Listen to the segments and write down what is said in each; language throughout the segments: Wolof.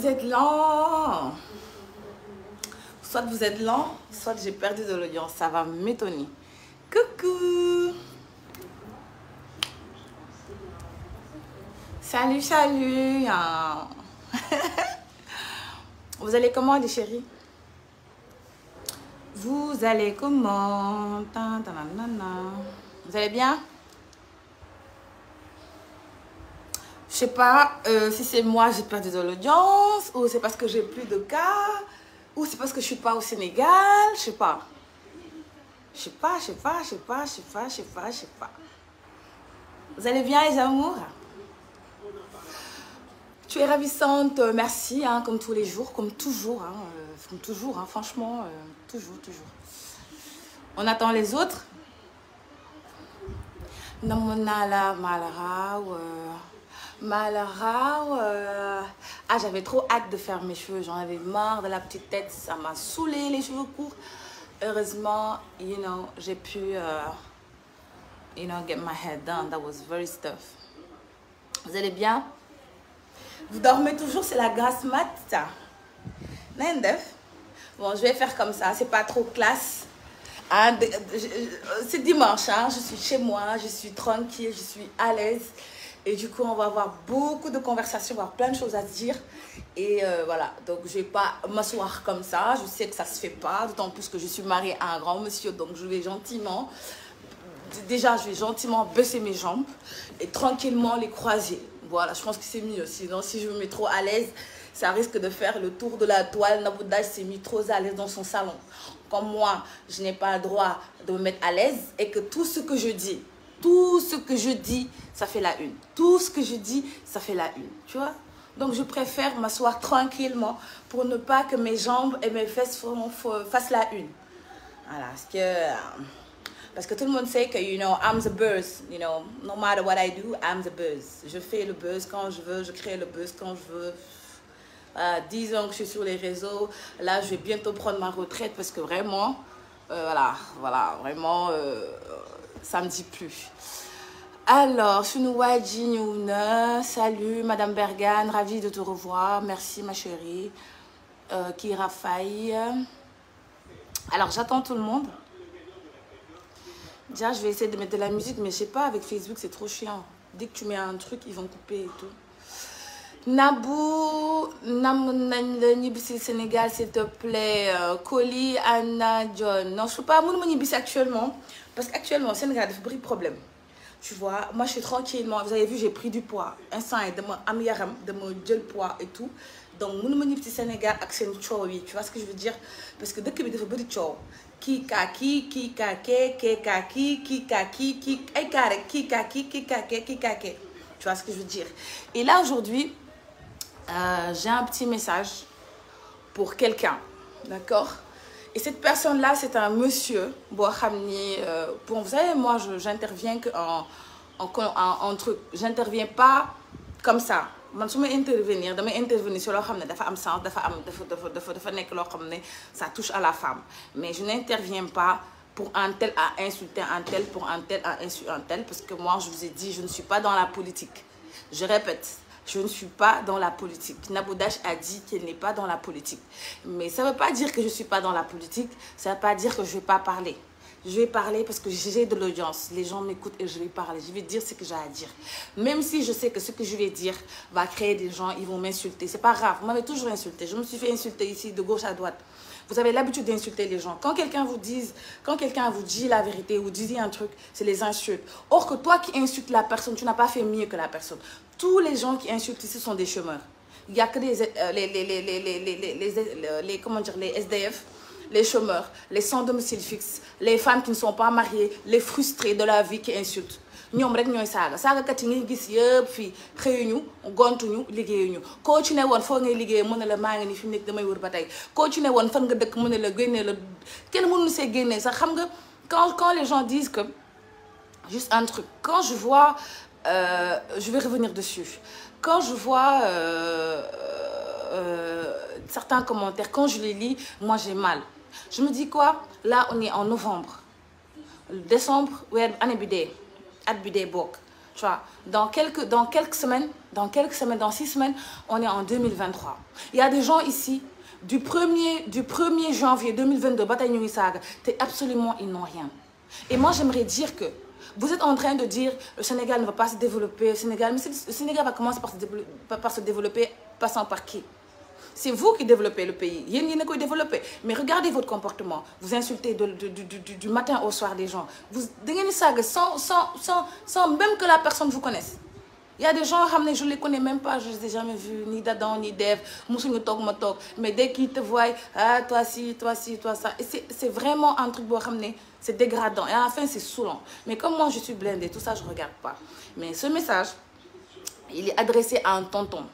vous êtes vous êtes lent soit j'ai perdu de l'audience ça va m'étonner coucou salut salut vous allez comment les chéris vous allez comment vous allez bien sais pas euh, si c'est moi j'ai perdu de l'audience ou c'est parce que j'ai plus de gars ou c'est parce que je suis pas au Sénégal, je pas. Je pas, je pas, Vous allez bien les amours Tu es ravissante, euh, merci, comme tous les jours, comme toujours, euh, franchement, euh, toujours, toujours. On attend les autres. Namonala Malrao. mal raaw euh, ah j'avais trop hâte de faire mes cheveux j'en avais marre de la petite tête ça m'a saoulé les cheveux courts heureusement you know j'ai pu uh, you know get my hair done that was very stuff vous allez bien vous dormez toujours c'est la grasse mat ça na ngeen def bon je vais faire comme ça c'est pas trop classe ah c'est dimanche hein je suis chez moi je suis tranquille je suis à l'aise Et du coup, on va avoir beaucoup de conversations, avoir plein de choses à se dire. Et euh, voilà, donc je vais pas m'asseoir comme ça. Je sais que ça se fait pas, d'autant plus que je suis mariée à un grand monsieur. Donc je vais gentiment, déjà je vais gentiment baisser mes jambes et tranquillement les croiser. Voilà, je pense que c'est mieux. Sinon, si je me mets trop à l'aise, ça risque de faire le tour de la toile. Naboudage s'est mis trop à l'aise dans son salon. Comme moi, je n'ai pas le droit de me mettre à l'aise et que tout ce que je dis, Tout ce que je dis, ça fait la une. Tout ce que je dis, ça fait la une. Tu vois Donc, je préfère m'asseoir tranquillement pour ne pas que mes jambes et mes fesses fassent la une. Voilà, parce que, euh, parce que tout le monde sait que, you know, I'm the buzz. You know, no matter what I do, I'm the buzz. Je fais le buzz quand je veux, je crée le buzz quand je veux. Euh, disons que je suis sur les réseaux. Là, je vais bientôt prendre ma retraite parce que vraiment, euh, voilà, voilà, vraiment... Euh, ça me dit plus. Alors, Sunouadji Nyouna, salut Madame Bergan, ravie de te revoir. Merci ma chérie. Euh, Kira Faye. Alors, j'attends tout le monde. Déjà, je vais essayer de mettre de la musique, mais je sais pas, avec Facebook, c'est trop chiant. Dès que tu mets un truc, ils vont couper et tout. Nabou, Sénégal, s'il te plaît. Coli, euh, Anna, John. Non, je ne peux pas Mounibis actuellement. Parce qu'actuellement, au Sénégal, il y a beaucoup de problèmes. Tu vois, moi je suis tranquillement, vous avez vu, j'ai pris du poids. Un sang et de mon amiaram, de mon gel poids et tout. Donc, mon menu petit Sénégal, accès au tchou, oui. Tu vois ce que je veux dire? Parce que dès que je fais beaucoup de tchou, qui kaki, qui kake, qui kaki, qui kaki, qui kaki, qui kaki, qui kaki, qui kaki. Tu vois ce que je veux dire? Et là aujourd'hui, euh, j'ai un petit message pour quelqu'un. D'accord? Et cette personne-là, c'est un monsieur, euh, bon, vous savez, moi, j'interviens en, en, en, en, truc, j'interviens pas comme ça. man su ma intervenir damay intervenir si loo xam ne dafa am sens dafa am dafa dafa dafa nekk loo xam ne ça touche à la femme mais je n'interviens pas pour un tel à insulter un tel pour un tel à insulter un tel parce que moi je vous ai dit je ne suis pas dans la politique je répète je ne suis pas dans la politique. Naboudash a dit qu'elle n'est pas dans la politique. Mais ça ne veut pas dire que je ne suis pas dans la politique, ça ne veut pas dire que je ne vais pas parler. je vais parler parce que j'ai de l'audience. Les gens m'écoutent et je vais parler. Je vais dire ce que j'ai à dire. Même si je sais que ce que je vais dire va créer des gens, ils vont m'insulter. C'est pas grave. Vous m'avez toujours insulté. Je me suis fait insulter ici de gauche à droite. Vous avez l'habitude d'insulter les gens. Quand quelqu'un vous dit, quand quelqu'un vous dit la vérité ou dit un truc, c'est les insultes. Or que toi qui insultes la personne, tu n'as pas fait mieux que la personne. Tous les gens qui insultent ici sont des chômeurs. Il n'y a que les, les, les, les, les, les, les, les, les, les comment dire, les SDF les chômeurs, les sans domicile fixe, les femmes qui ne sont pas mariées, les frustrés de la vie qui insultent. ñoom rek ñooy saaga saagakat yi ngay gis yëpp fii xëyuñu gontuñu liggéeyuñu koo ci ne woon foo ngay liggéey mën na la maa ngi ni fi mu nekk damay wër ba tey koo ci ne woon fan nga dëkk mën na la génnee la kenn mun mënu see génne sax xam nga quand quand les gens disent que juste un truc quand je vois euh, je vais revenir dessus quand je vois euh, euh, certains commentaires quand je les lis moi mal je me dis quoi là on est novembre décembre weer année bi dee at bi dee bokk tu vois dans quelques dans quelques semaines dans quelques semaines dans six semaines on est en 2023 il y a des gens ici du premier du 1er janvier 2022 ba tey ñu ngi saaga te absolument ils n'ont rien et moi que vous êtes en c'est vous qui développez le pays yéen yéen a koy développé mais regardez votre comportement vous insultez de du du du du matin au soir des gens vous da ngeen di saaga sans sans sans sans même que la personne vous connaisse. y a des gens xam ne je les connais même pas je les ai jamais vus ni d'Adam ni d'Ève musuñu toog ma toog mais dès qu'ils te voient ah toi ci toi ci toi ça et c'est c'est vraiment un truc boo xam ne c'est dégradant et à la fin c'est saoulant mais comme moi je suis blindée tout ça je regarde pas mais ce message il est adressé à un tonton.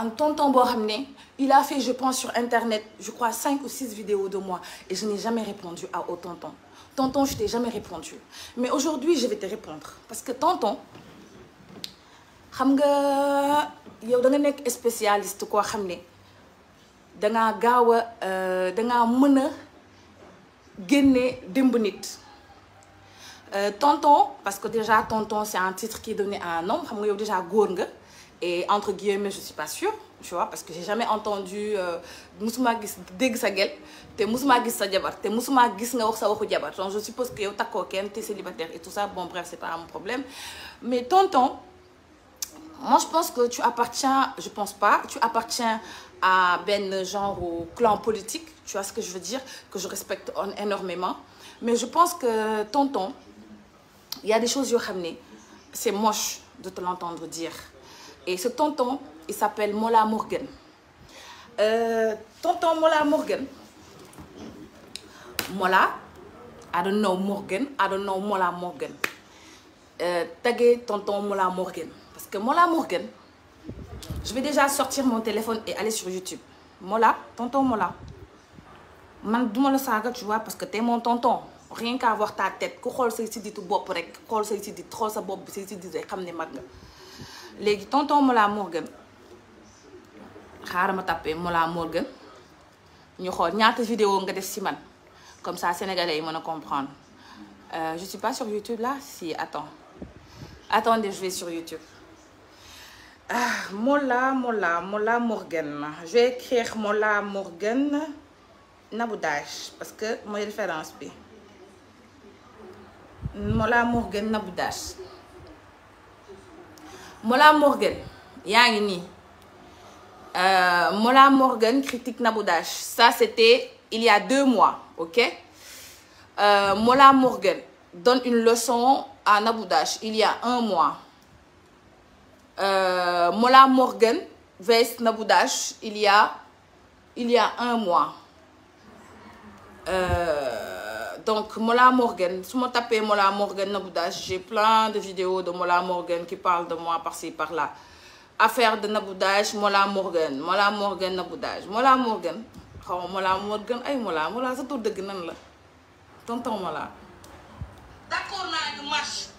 un tonton boo xam ne il a fait, je pense, sur Internet, je crois, cinq ou 6 vidéos de moi. Et je n'ai jamais répondu à au tonton. Tonton, je t'ai jamais répondu. Mais aujourd'hui, je vais te répondre. Parce que tonton, tu es spécialiste, quoi, tu es génne démb nit euh, tonton parce que déjà tonton c'est un titre qui est donné à un homme xam nga yow déjà góor nga et entre guillemets je suis pas sûre tu vois parce que j'ai jamais entendu euh, musuma gis dégg sa gel te musuma gis sa jabar te musuma gis nga wax sa waxu jabar donc je suppose que yow takkoo kenn te célibataire et tout ça bon bref c'est pas mon problème mais tonton moi je pense que tu appartiens je pense pas tu appartiens à benn genre au clan politique tu vois ce que je veux dire que je respecte énormément mais je pense que tonton il y a des choses yoo xam ne c'est moche de te l'entendre dire Et ce tonton, il s'appelle Mola Morgan. Euh, tonton Mola Morgan. Mola, I don't know Morgan, I don't know Mola Morgan. Euh, tonton Mola Morgan. Parce que Mola Morgan, je vais déjà sortir mon téléphone et aller sur YouTube. Mola, tonton Mola. man duma la saaga tu parce que t'es mon tonton rien qu'à voir ta ku xool say siddit bopp rek xool say siddit xool sa bopp bi say siddit xam ne mag nga léegi tonton Mollah Morgun xaaral ma tàppee Mollah Morgun ñu xool ñaata vidéo nga def ci man comme ça sénégalais yi mën a comprendre euh, je suis pas sur YouTube là si attends attendez je vais sur YouTube ah Mollah Mollah Mollah Morgun je vais écrire Mollah Morgun Nabou Dash parce que mooy référence bi Mollah Morgun Nabou Dash Mola Morgan yaa ngi nii euh, Mola Morgan critique Nabou Dash ça c'était il y a deux mois ok euh, Mola Morgan donne une leçon à Nabou il y a un mois euh, Mola Morgan vs Nabou Dash il y a un mois. Euh, donc Mola Morgan su ma tapee Mola Morgan Nabou Dash j'ai plein de vidéos de Mola Morgan qui parlent de moi par-ci par-là affaire de Nabou Dash Mola Morgan Mola Morgan Nabou Dash Mola Morgan xaw Mola Morgan ay Mola Mola sa tur dëgg nan la tonton Mola. d'accord naa ne marche.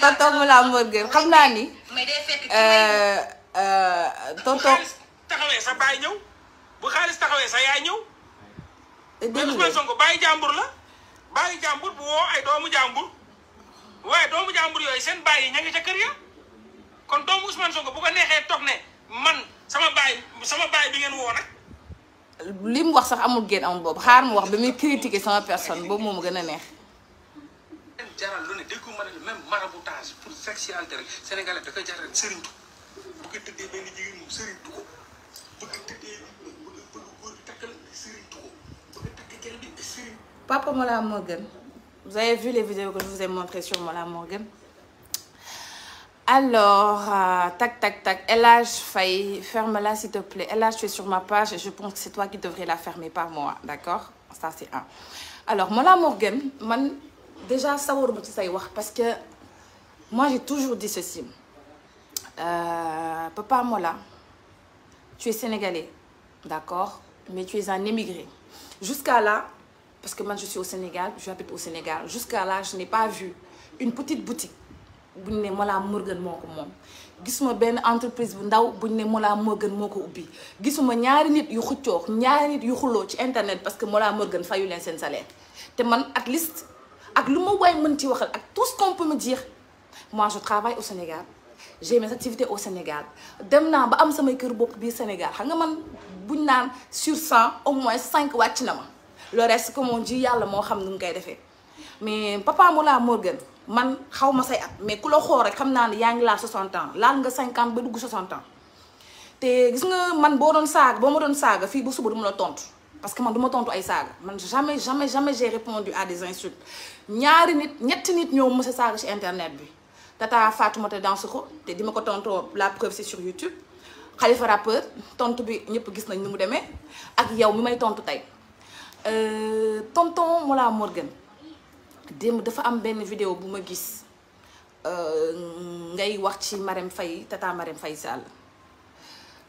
tonton Moula Morgun xam naa ni. Euh, euh, tonton. taxawee sa baay ñëw bu xaalis taxawee sax yaay ñëw. Eh, dégg nga Sonko bàyyi jàmbur la bàyyi jàmbur bu woo ay doomu jàmbur waaye doomu jàmbur yooyu seen baay yi ña ngi ca kër ya kon doomu Ousmane Sonko bu ko neexee toog ne man sama baay sama baay bi ngeen woo nag. li mu wax sax amul génn amul boobu xaar mu wax ba muy critiquer sama personne boobu moo ma gën a neex. jaral lu ne déggu ma ne la même maraboutage pour sexualité rek sénégalais da koy jaral sëriñtu bëgg papa Mollah Morgun vous avez vu les vidéos que je vous ai montrées sur Mollah Morgun alors euh, tac tac tac El Hadj ferme-la s'il te plaît El Hadj sur ma page et je pense que c'est toi qui devrais la fermer pas moi d'accord ça c'est déjà sawaruma ci say wax parce que moi j'ai toujours dit ceci euh, Papa Mola tu es sénégalais d'accord mais tu es un émigré jusqu'à là parce que man je suis au Sénégal j'habite au Sénégal jusqu'à là je n'ai pas vu une petite boutique buñ ñu ne Mollah Morgun moo ko moom gisuma benn entreprise bu ndaw bu ñu ne Mollah Morgun moo ko ubbi gisuma ñaari nit yu xuccoo ñaari nit yu xuloo ci internet parce que Mollah Morgun fayu leen seen salaire te man at least ak lu ma waay mën ci waxal ak tout ce qu'on peut me dire travaille au Sénégal j'ai mes activités au Sénégal dem naa ba am samay kër bopp biir Sénégal xam nga man buñ naan sur 100 au moins 5 wàcc na ma le reste comme on dit yàlla moo xam nu mu koy defee mais papa Moula Morgan man xaw ma say at mais ku la xool rek xam naa ne yaa ngi laal 60 ans laal nga cinquante ba dugg 60 ans te gis nga man boo doon saaga boo ma doon saaga fii ba suba du ma tontu. parce que man du ma tontu ay saaga man jamais jamais jamais j'ai répondu à des insultes ñaari nit ñetti nit ñoo mës a saaga ci internet bi tata Fatoumata Dansokho te di ma ko tontoo la preuve c'est sur YouTube Khalifa rappeur tontu bi ñëpp gis nañ ni mu demee ak yow mu may tontu tey euh, tonton Mollah Morgun démb dafa am benn vidéo bu ma gis euh, ngay wax ci Marème fay tata Marème Faye Sall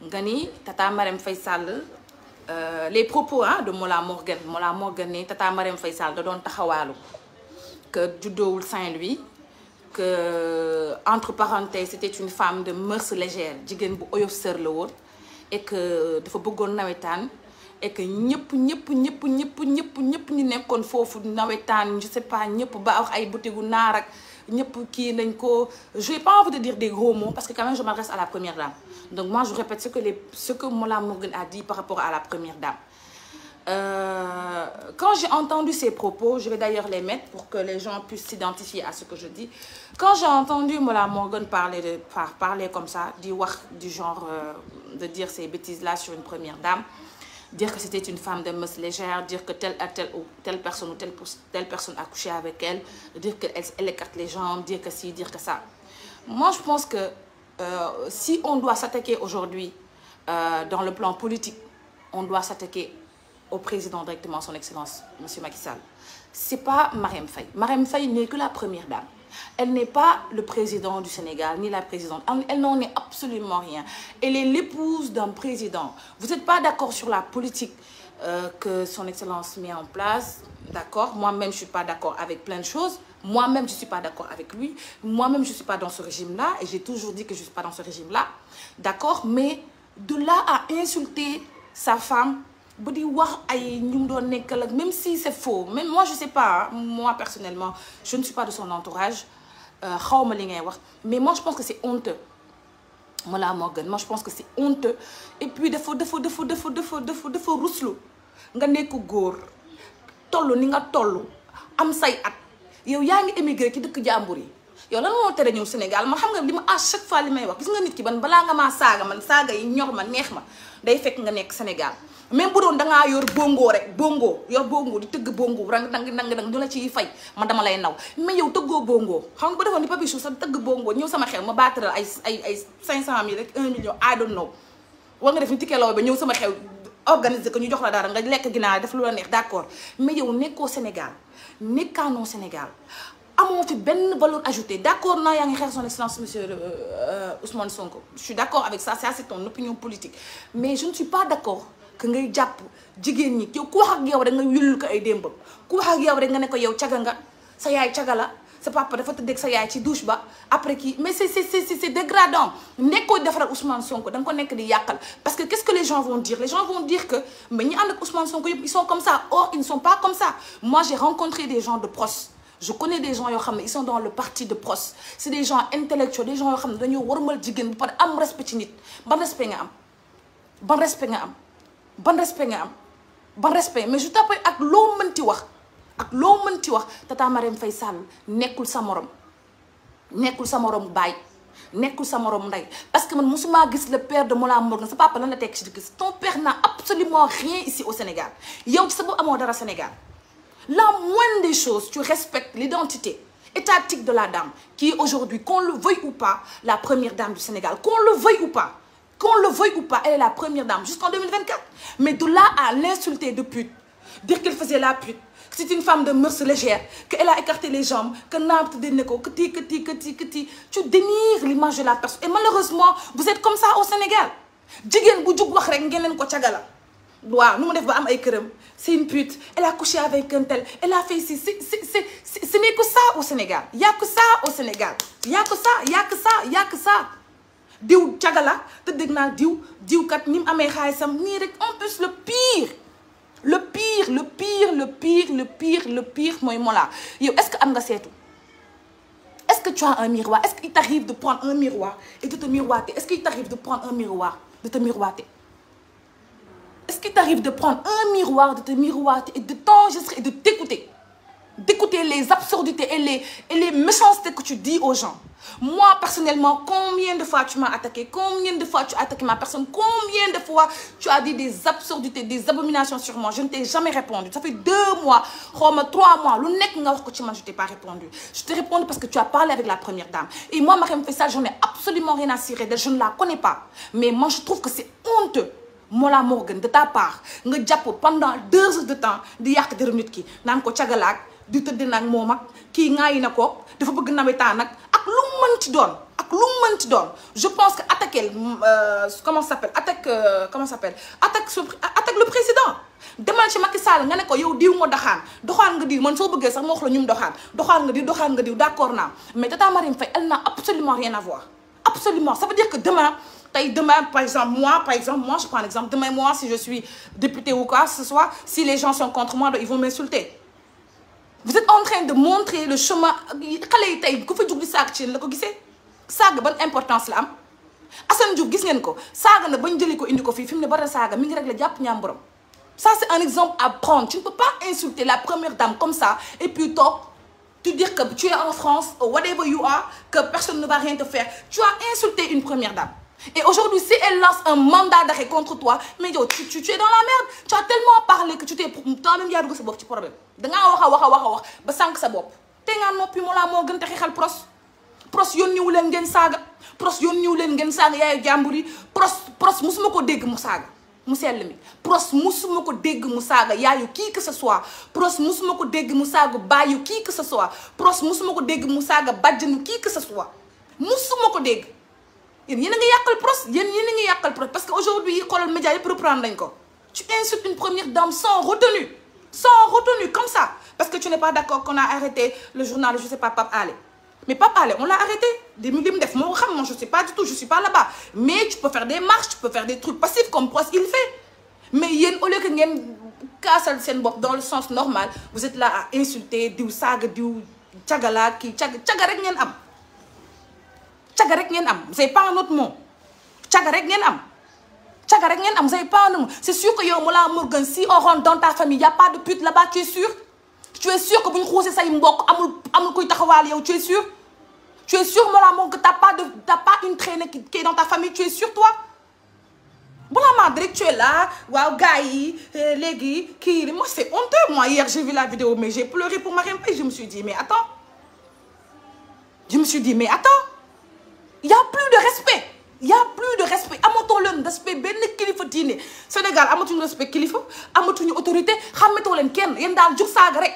nga ni tata Marème Faye Sall Euh, les propos ah de Mola Morgan Mola Morgan ni tata Marème Faye da doon taxawaalu que juddoowul Saint-Louis que entre parenthèses c'était une femme de mœurs légères jigéen bu oyof sër la woon et dafa bëggoon nawetaan et que ñëpp ñëpp ñëpp ñëpp ñëpp ñëpp ñu nekkoon foofu nawetaan je sais pas ñëpp ba wax ay butigu naar ak ñëpp kii nañ ko j'ai pas envie de dire des gros mots parce que quand même je m'adresse à la première dame Donc moi, je répète ce que, les, ce que Mola Morgan a dit par rapport à la première dame. Euh, quand j'ai entendu ces propos, je vais d'ailleurs les mettre pour que les gens puissent s'identifier à ce que je dis. Quand j'ai entendu Mola Morgan parler, de, par, parler comme ça, du, du genre euh, de dire ces bêtises-là sur une première dame, dire que c'était une femme de mœurs légère, dire que telle, telle, ou telle personne ou telle, telle personne a couché avec elle, dire qu'elle elle écarte les jambes, dire que si, dire que ça. Moi, je pense que Euh, si on doit s'attaquer aujourd'hui euh, dans le plan politique on doit s'attaquer au président directement son excellence monsieur Macky Sall c'est pas Marème Faye Marème Faye n'est que la première dame elle n'est pas le président du Sénégal ni la présidente elle n'en est absolument rien elle est l'épouse d'un président vous n'êtes pas d'accord sur la politique euh, que son excellence met en place d'accord moi-même je suis pas d'accord avec plein de choses moi-même je suis pas d'accord avec lui moi-même je suis pas dans ce régime-là et j'ai toujours dit que je suis pas dans ce régime-là d'accord mais de là à insulter sa femme ba di wax ay ñu mu doon nekkal ak même si c'est faux même moi je sais pas hein, moi personnellement je ne suis pas de son entourage euh, xawma li ngay wax mais moi je pense que c'est honteux Mollah Morgun moi je pense que si honteux et puis dafa dafa dafa dafa dafa dafa dafa ruslu nga nekk góor tollu ni nga toll am say at yow yaa ngi émigré ci dëkk jàmbur yi yow lan moo tere ñëw Sénégal man xam nga li ma à chaque fois li may wax gis nga nit ki man balaa nga maa saaga man saaga yi ñor ma neex ma day fekk nga nekk Sénégal même bu doon dangaa yor bongo rek bongo yor bongo tëgg bongo rang dang dang dang ñu la ciy fay ma dama lay naw mais yow tëggoo bongo xam nga ba defoon ni Papichou sa tëgg bongo ñëw sama xew ma baataral ay ay ay cinq cent mille rek un million I war nga def ni tikeloo ba ñëw sama xew organiser ko ñu jox la dara nga lekk ginaar def lu la neex d'accord mais yow nekkoo Sénégal nekkaanoo Sénégal amoo fi benn valeur ajoutée d' accord naa yaa ngi xeex son excellence monsieur euh, euh, Ousmane Sonko je suis d' accord avec ça ça c' est ton opinion politique mais je ne suis pas d' accord ngay jàpp jigéen ñi ko ku wax ak yow rek nga ne ko yow caga nga sa yaay caga la sa papa dafa tëddeeg sa yaay ci douche ba après kii mais c'est c'est c'est c'est dégradant nekkoo defaral Sonko da ko nekk di yàqal parce que qu'est-ce que les gens vont dire les gens vont dire que mais je connais des gens yoo xam ne ils sont dans le parti de pros c'est des gens intellectuels des gens yoo xam ne dañoo warmal jigéen ba pare am respect ci nit ban respect nga am ban respect nga am ban respect nga am ban respect mais je t'appelle ak loo mënti wax ak loo mënti wax tata fay Faye Sall nekkul sa moroom nekkul sa morom baay nekkul sa morom ndey parce que man musuma gis le père de Mola Morgan sa papa na la tekk ci gis ton père n'a absolument rien ici au Sénégal yow ci sa amoo dara Sénégal la moindre des choses tu respectes l'identité étatique de la dame qui est aujourd'hui qu'on le veuille ou pas la première dame du Sénégal qu'on le veuille ou pas qu'on le veuille ou pas elle est la première dame jusqu'en 2024 mais de là à l'insulter de pute dire qu'elle faisait la pute c'est une femme de mœurs légères qu'elle a écarté les jambes que naam tuddee na ko que ti que ti que tu dénigres l'image de la personne et malheureusement vous êtes comme ça au Sénégal jigéen bu jug wax rek ngeen ko cagala waaw nu mu def ba am ay këram c'est une pute elle a couché avec un tel elle a fait ci c'est c'est ce n'est que ça au Sénégal y a que ça au Sénégal y a que ça y a que ça y a que ça diw cagala te dégg naa diw diw kat ni mu amee xaalisam nii rek en plus le pire le pire le pire le pire le pire le pire mooy Mollah yow est-ce que am nga seetu est-ce que tu as un miroir est-ce qu'il t'arrive de prendre un miroir et de te miroiter est-ce qu'il t'arrive de prendre un miroir de te miroiter qu'il t'arrive de prendre un miroir, de te miroiter et de t'enregistrer et de t'écouter. D'écouter les absurdités et les, et les méchancetés que tu dis aux gens. Moi, personnellement, combien de fois tu m'as attaqué Combien de fois tu as attaqué ma personne Combien de fois tu as dit des absurdités, des abominations sur moi Je ne t'ai jamais répondu. Ça fait deux mois, trois mois. Le nec que tu m'as, je t'ai pas répondu. Je t'ai répondu parce que tu as parlé avec la première dame. Et moi, Mariam Fessal, j'en ai absolument rien à cirer. Je ne la connais pas. Mais moi, je trouve que c'est honteux. moo Mollah Morgun de ta part nga jàpp pendant deux heures de temps di yàq dërëm nit ki naan ko cagalaak di tëdd nag moom ak kii ŋaayi na ko dafa bëgg nawetaan nag ak lu mu doon ak lu mu mënti doon je pense que attaquer euh, comment ça s'appelle attaque euh, comment ça s'appelle attaque attaque le président demal ci Macky Sall nga ne ko yow diw ma doxaan doxaan nga diw man soo bëggee sax ma wax la ñum doxaan doxaan nga diw doxaan nga diw d'accord naa mais Tata Marème Faye elle n'a absolument rien à voir absolument ça veut tey demain par exemple moi par exemple moi je prends l'exemple demain moi si je suis député ou quoi ce soir si les gens sont contre moi ils vont m'insulter vous êtes en train de montrer le chemin xale yi tey ku fa jug di saag ci la ko gisee saaga ban importance la am Assane Diouf gis ngeen ko saaga na bañ jëli ko indi ko fii fi mu ne bara saaga mi ngi rek la jàpp ñaam borom ça c'est un exemple à prendre tu ne peux pas insulter la première dame comme ça et puis toog tu dire que tu es en France whatever you are que personne Et aujourd'hui, si elle lance un mandat d'arrêt contre toi, mais yo, tu, tu, tu, es dans la merde. Tu as a wax wax wax ba sank sa bopp Té nga nopi moo la mo gën taxé xal pros. Pros yoni wu len ngeen saga. Pros yoon wu len ngeen saga yaayu jambour yi. Pros pros musuma ko dégg mu saga. mu sell mi pros musuma ko dégg mu saaga yaayu kii que ce soit pros musuma ko dégg mu saaga baayu kii que ce soit pros musuma ko dégg mu saaga bàjjanu kii que ce soit musuma ko dégg yen yéen a ngi yàqal procès yéen yéen a ngi yàqal procès parce que aujourd'hui xoolal média yëpp reprendre nañ tu insultes une première dame sans retenue sans retenue comme ça parce que tu n'es pas d'accord qu'on a arrêté le journal je sais pas Pape Alé mais Pape Alé on l'a arrêté di li mu def moo xam moi je sais pas du tout je suis pas là-bas mais tu peux faire des marches tu peux faire des trucs passifs comme Prost il fait mais yéen au lieu que ngeen kaasal seen bopp dans le sens normal vous êtes là à diw saaga diw kii caga caga rek ngeen am caga rek ngeen am c'est pas un autre mot caga rek ngeen am caga rek ngeen am c'est pas un mot c'est sûr que yow Mollah Morgun si on rentre dans ta famille y a pas de pute là-bas tu es sûr tu es sûr que bu ñu xuusee say mbokk amul amul kuy taxawaal yow tu es sûr tu es sûr Mollah Morgun que t'as pas de t'as pas une traînée qui est dans ta famille tu es sûr toi Mollah Morgun rek tu es là waaw gars yi euh, léegi kii moi c'est honteux moi hier j'ai vu la vidéo mais j'ai pleuré pour Marième Faye je me suis dit mais attends je me suis dit mais attends y' a plus de respect y' a plus de respect amatoo leen respect benn kilifa diine Sénégal amatuñu respect kilifa amatuñu autorité xàmmetoo leen kenn yéen daal jug saaga rek.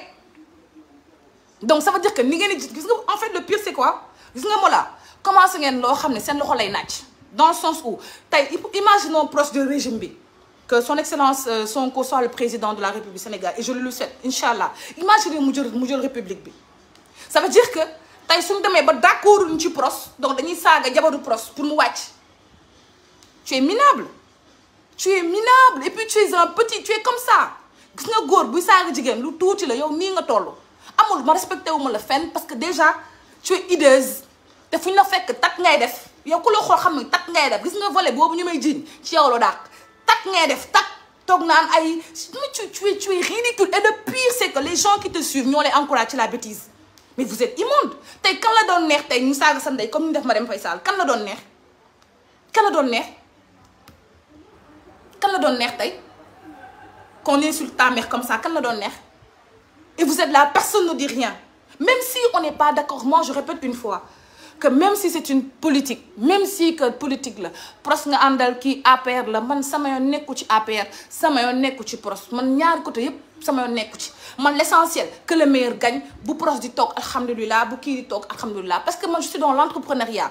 donc ça veut dire que ni ngeen di gis nga en fait le pire c' est quoi gis nga Mollah commencé ngeen loo xam ne seen loxo lay naaj dans le sens où tey imaginons proche de régime bi. que son excellence euh, Sonko soit le président de la République du Sénégal et je le souhaite incha allah imaginez mu jël bi ça veut dire que. tey suñu demee ba d'accord ñu ci pros donc dañuy saaga jabaru pros pour mu wàcc tu es minable tu es minable et puis tu es un petit tu comme ça gis nga góor buy saaga jigéen lu tuuti la yow nii nga toll amul ma respecté wu ma la fenn parce que déjà tu es hideuse te fu ñu la fekk takk ngay def yow ku la xool xam ne takk ngay def gis nga volet boobu ñu may jiiñ ci yow la takk ngay def takk toog naan ay mais tu tu es tu es ridicule et le pire c'est que ci la bêtise mais vous êtes immonde tey kan la doon neex tey ñu saaga sa ndey comme ñu def Marème Faye Sall kan la doon neex kan la doon neex kan la doon neex tey qu'on insulte ta mère comme ça kan la doon neex et vous êtes là personne ne dit rien même si on n'est pas d'accord moi je répète une fois que même si c'est une politique même si que politique la pros nga àndal kii APR la man sama yoon nekku ci APR sama yoon nekku ci pros man ñaari côté yépp sama yoon nekku ci man l'essentiel que le meilleur gagne bu pros di toog alhamdulilah bu kii di toog alhamdulilah parce que man je suis dans l'entrepreneuriat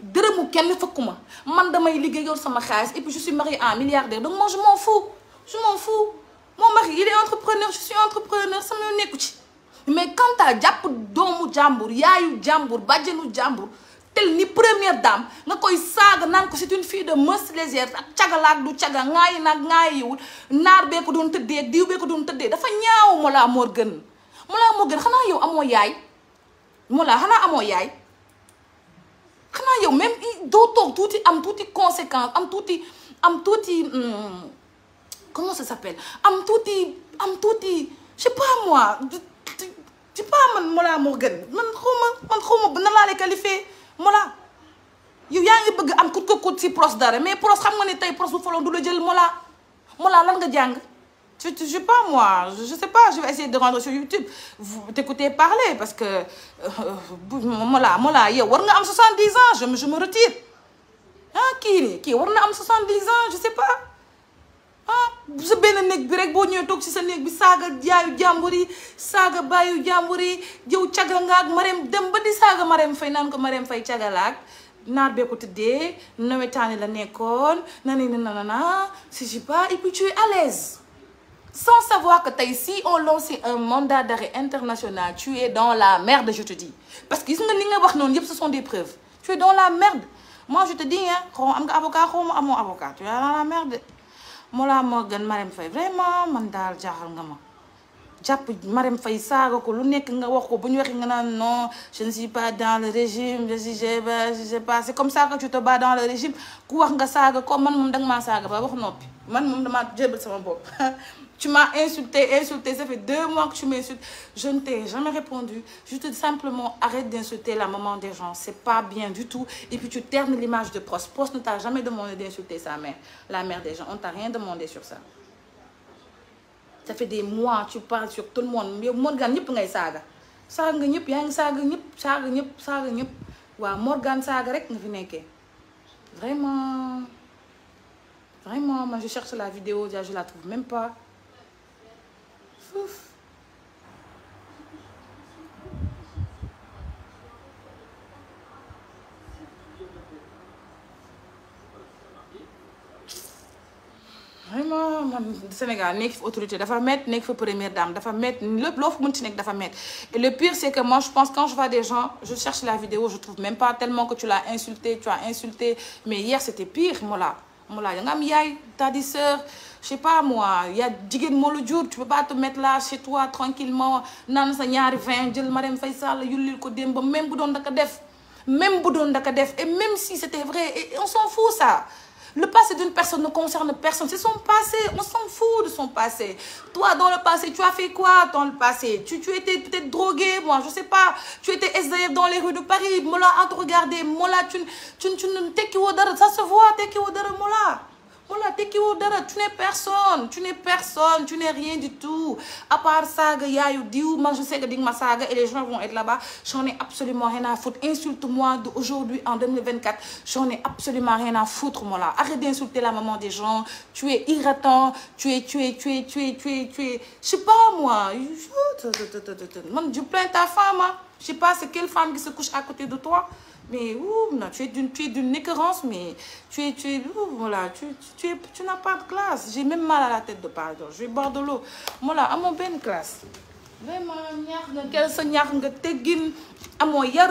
dërëmu kenn fëkkuma man damay liggéey yor sama xaalis et puis je suis mariée à un milliardaire donc moi je m'en fous je m'en fous mon mari il est sama nekku ci mais quant jàpp doomu jàmbur yaayu jàmbur bàjjenu jàmbur tel ni première dame nga koy saaga naan ko c'est une fille de mœurs légères ak cagalaak du caga ŋaayi naag ŋaayiwul naar bee ko doon tëddee diw bee ko doon tëddee dafa ñaaw Mollah Morgun Mollah Morgun xanaa yow amoo yaay Mollah xanaa amoo yaay xanaa yow même doo toog tuuti am tuuti conséquence am tuuti am tuuti hmm, comment am tuuti am tuuti je sais pas moi c'est pas man Mollah moo gën man xawma man xawma bu na laa lay qualifié Mollah yow bëgg am kut ko kut si pros dara mais pros xam nga ne tey pros bu faloon du la jël Mollah Mollah lan nga jàng je sais pas moi je sais pas je vais essayer de rendre sur YouTube vous t'écoutez parler parce que euh, euh, Mollah Mollah yow war nga am 70 ans je me retire ah kii nii kii war na am 70 ans je sais pas. ah sa benn néeg bi rek boo ñëwee toog ci sa néeg bi saaga yaayu jàmbur yi saaga baayu jàmbur yi jëw caga nga ak Marème dem ba di saaga Marème Faye naan ko Marème fay caga la ak naar bee ko la nekkoon na ne na na si je pas et puis tu es sans savoir que tey si on lance un mandat d'arrêt international tu es dans la merde je te parce que gis nga li nga wax noonu yëpp ce sont des preuves dans la merde moi je te dis Mollah Morgun Marème Faye vraiment man daal jaaxal nga ma jàpp Marème Faye saaga ko lu nekk nga wax ko bu ñu waxee nga naan non je ne suis pas dans le régime je suis je sais pas c'est comme ça que tu te bats dans le régime ku wax nga saaga ko man moom danga maa saaga ba wax noppi man moom damaa jébal sama bopp. tu m'as insulté insulté ça fait deux mois que tu m'insultes je ne t'ai jamais répondu je te simplement arrête d'insulter la maman des gens c'est pas bien du tout et tu ternes l'image de Pros ça fait des mois tu parles sur tout le monde yow Morgan ñëpp ngay saaga saaga nga ñëpp yaa ngi saaga ñëpp saaga ñëpp saaga ñëpp waaw Morgan saaga rek nga fi nekkee vraiment vraiment man je cherche la vidéo déjà je la trouve même pas Ouf. vraiment man Sénégal nekk fi autorité dafa métti nekk fa première dame dafa métti lépp loo fa mënti nekk dafa métti et le pire c'est que je pense quand je vois des gens je cherche la vidéo je trouve même pas tellement que tu l'as insulté tu as insulté mais hier c'était pire Mollah Mollah da nga am yaay t'as des sœurs je sais pas moi yaa jigéen moo la jur tu peux pas te mettre là chez toi tranquillement naan sa ñaari vin jël Marème Faye Sall yullil ko démb même bu doon daka def même bu doon daka def même si c'était vrai et on Le passé d'une personne ne concerne personne. C'est son passé. On s'en fout de son passé. Toi, dans le passé, tu as fait quoi dans le passé tu, tu étais peut-être drogué, moi, je sais pas. Tu étais SDF dans les rues de Paris. Mola, à te regarder. Mola, tu ne... Ça se voit. T'es qui au Mola. voilà tekkiwoo dara tu n'es personne tu n'es personne tu n'es rien du tout à part saaga yaayu diw man je sais que di nga ma saaga et les gens vont être là-bas j'en ai absolument rien à foutre insulte-moi de aujourd'hui en 2024 j'en ai absolument rien à foutre moi là arrête d'insulter la maman des gens tu es irritant tu es tu es tu es tu es tu es tu es je sais pas moi man je plains ta femme ah je sais pas c'est quelle femme qui se couche à côté de toi Mais ouh, tu es d'une, tu es d'une écœurance, mais tu es, tu es, ouh, voilà, tu, tu, tu, tu n'as pas de classe. J'ai même mal à la tête de pardon. Je vais boire de l'eau. Voilà, à mon ben classe. Vraiment, à mon yar,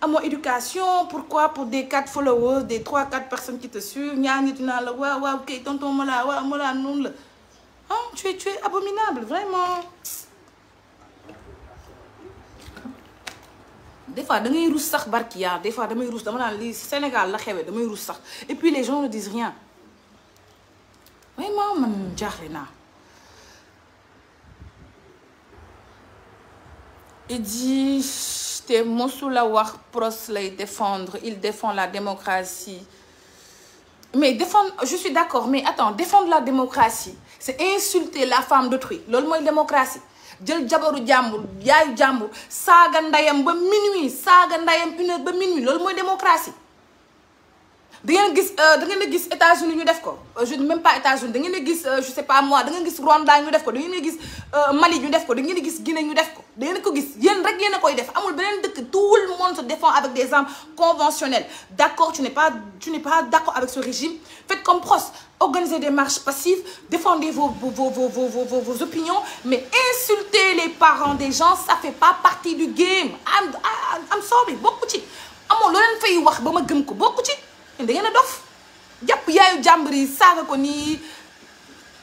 à mon éducation. Pourquoi Pour des 4 followers, des 3-4 personnes qui te suivent. Hein? Ah, tu es, tu es abominable, vraiment. des fois da ngay sax barki yaa des fois damay rus dama naan lii Sénégal la xewe damay rus sax et puis les gens ne disent rien vraiment man jaaxle naa il dit te mosula wax pros lay défendre il défend la démocratie mais défendre je suis d'accord mais attends défendre la démocratie c'est insulter la femme d'autrui loolu mooy démocratie jël jabaru jàmbur yaayu jàmbur saaga ndeyam ba minuit saaga ndeyam une heure ba minuit loolu mooy démocratie da ngeen gis euh, da gis États-Unis ñu def ko euh, je même pas États-Unis da ngeen gis euh, je sais pas moi da ngeen gis Rwanda ñu def ko da ngeen a gis Mali ñu def ko da ngeen a gis Guinée ñu def ko da ngeen ko gis yéen rek yéen a koy def amul beneen dëkk tout le monde se défend avec des armes conventionnelles d'accord tu n'es pas tu n'es pas d'accord avec ce régime faites comme Prost organisez des marches passives défendez vos vos vos vos opinions mais insulter les parents ci amoon loo leen fay wax ba ma gëm ko bokku ci. da ngeen a dof jàpp yaayu jàmbur yi saaga ko nii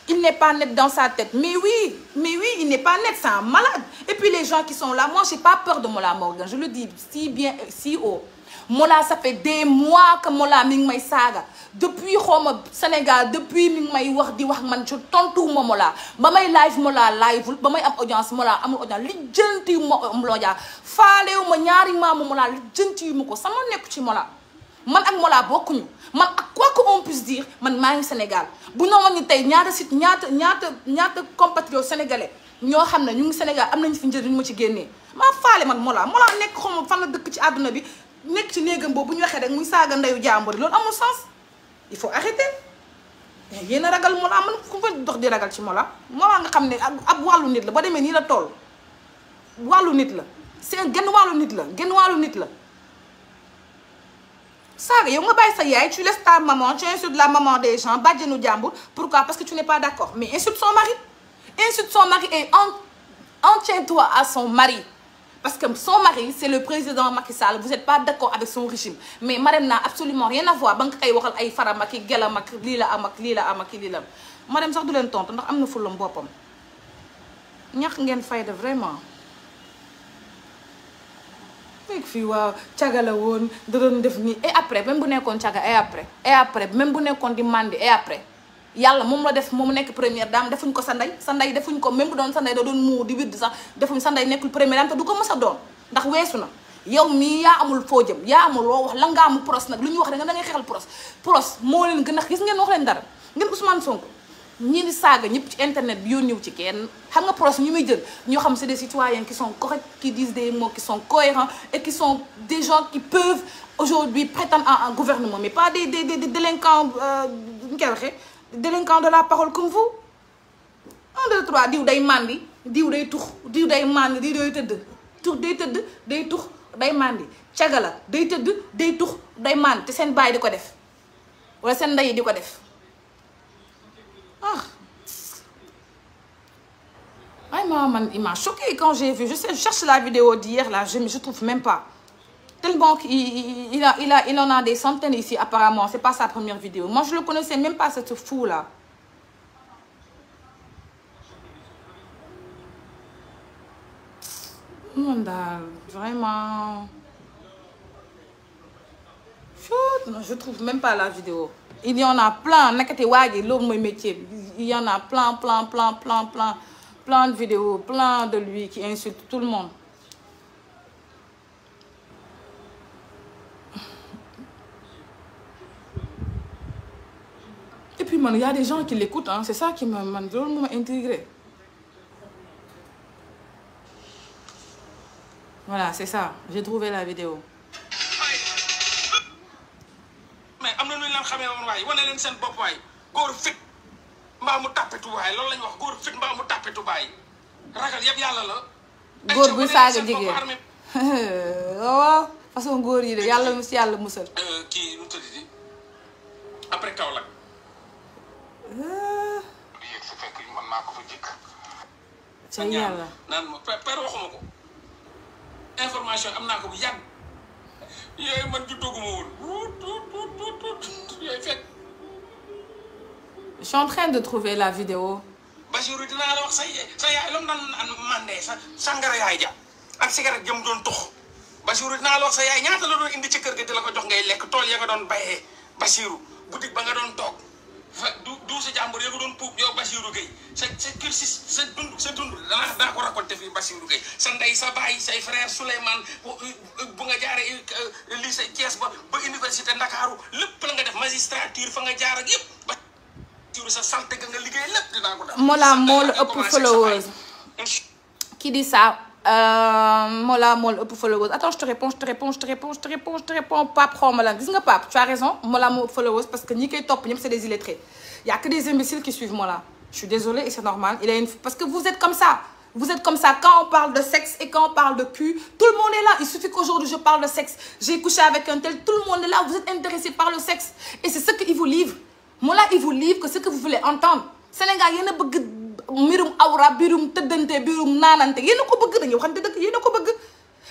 il n'est pas net dans sa tête mais oui mais oui il n'est pas net c'est un malade et puis les gens qui sont là moi j'ai pas peur de Mollah Morgan je le dis si bien si haut Mollah ça fait mois que Mollah mi ngi may saaga depuis xawma Sénégal depuis mi ngi may wax di wax man je tontuwuma Mollah ba may live Mollah liveul ba may am audience Mollah amul audience li jëntiwuma Mollah faalewu ma ñaari maamu Mollah li jëntiwuma ko sama nekku ci Mollah man ak molaa bokkuñu man ak quoi que on man maa ngi Sénégal bu ñu woon ni tey ñaata sit ñaata ñaata ñaata compatriotes sénégalais ñoo xam ne ñu ngi Sénégal am nañu fi njëriñ ma ci génnee maa faale man Mollah Mollah nekk xawma fan la dëkk ci àdduna bi nekk ci néegam bu ñu waxee rek muy saaga ndeyu jàmbur loolu amul sens il faut arrêter yéen ragal Mollah man ku fa dox di ragal ci Mollah Mollah nga xam ne ab wàllu nit la ba demee nii la tool wàllu nit la seen genn wàllu nit la genn wàllu nit la saaga yow nga bàyyi sa yaay tu laisses ta maman tu insultes la maman des gens bàjjenu jàmbur pourquoi parce que tu n'es pas d'accord mais insulte son mari insulte son mari et en tiens-toi à son mari parce que son mari c'est le président Macky Sall vous êtes pas d'accord avec son régime mais madame n'a absolument rien à voir ba nga koy waxal ay fara maki gela mak lii la am ak lii la am ak lii la am sax du leen tontu ndax am na fulam boppam ñax ngeen fayda vraiment nekk fii waaw caga la woon da doon def nii après même bu nekkoon caga et après et après même bu nekkoon di mandi et après yàlla moom la def moom nekk première daam defuñ ko sa ndey sa ndey defuñ ko même bu doon sa ndey da doon muur di widd sax defuñ sa ndey nekkul première dame te du ko mës a doon ndax weesu na yow mii yaa amul foo jëm yaa amul loo wax la nga amul pros nag lu ñuy wax da nga da ngay xeexal pros pros moo leen gën a gis ngeen wax leen dara ngeen Ousmane Sonko ñi di saaga ñëpp ci internet bi ñëw ci kenn xam nga procès ñu muy jël ñoo xam c'est des citoyens qui sont corrects qui disent des mots qui sont cohérents et qui sont des gens qui peuvent aujourd'hui prétendre à un gouvernement mais pas des des des délinquants euh, ñu koy waxee délinquants de la parole comme vous un deux trois diw day màndi diw day tux diw day màndi diw day tëdd tux day tëdd day tux day màndi cagala day tëdd day tux day màndi te seen baay di ko def wala seen ndey di ko def ah vraiment man il m'a choqué quand j'ai vu je sais je cherche la vidéo d'hier là je je trouve même pas tellement qu'il il, il a il a il en a des centaines ici apparemment c'est pas sa première vidéo moi je le connaissais même pas cette fou là man daal vraiment je trouve même pas la vidéo il y en plan plein nekkati waa ji loolu mooy métier bi il y en a plein plein plein de vidéos plein de lui qui insulte tout le monde et puis man y a des gens qui l'écoutent ah c'est ça qui me man loolu moo ma intrigué voilà c'est ça j'ai trouvé la vidéo ngeen seen bopp waay góor fit mbaa mu tàppetu waay loolu la ñu wax góor fit mbaa mu tàppetu baay ragal yëpp yàlla la. góor bu saaga jigéen waaw oh, góor yi de yàlla mu yàlla musal. Euh, kii nu tëdd di après ah. am naa ko bu yàgg yooyu man juddoo gu ma woon tuut tuut tuut tuut yooyu fekk. je suis de trouver la vidéo. Basiru dinaa la wax sa sa yaay lu mu daan mandee sa sangara yaay ja ak cigarette jëm doon tux Basiru dinaa la wax sa yaay ñaata la doon indi ci kër ga di la ko jox ngay lekk tool ya nga doon bayee Basiru ba nga doon toog fa du sa jàmbur ya nga doon puub yow Basiru Gueye sa sa cursus sa dund sa dund danaa daa ko raconté fii Basiru Gueye sa ndey sa baay say frère Souleymane bu nga jaaree euh, lycée Thiès ba ba université Ndakaaru lépp la nga def magistrature fa nga jaar ak facture sa santé nga liggéey lépp dinaa ko qui dit ça Mollah moo la ëpp attends je te réponds je te réponds je te réponds je te réponds je te réponds Pape xaw ma nga Pape tu as raison Mollah moo ëpp followers parce que ñi koy topp ñëpp c'est des illettrés y a que des imbéciles qui suivent Mollah je suis désolée et c'est normal il a une parce que vous êtes comme ça. Vous êtes comme quand on parle de sexe et quand on parle de cul, tout le monde est là. et vous mu il vous livre que ce que vous voulez entendre Sénégal yéen a bëgg mbirum awra birum tëddante birum naanante yéen a ko bëgg dañuy waxante dëgg yéen a ko bëgg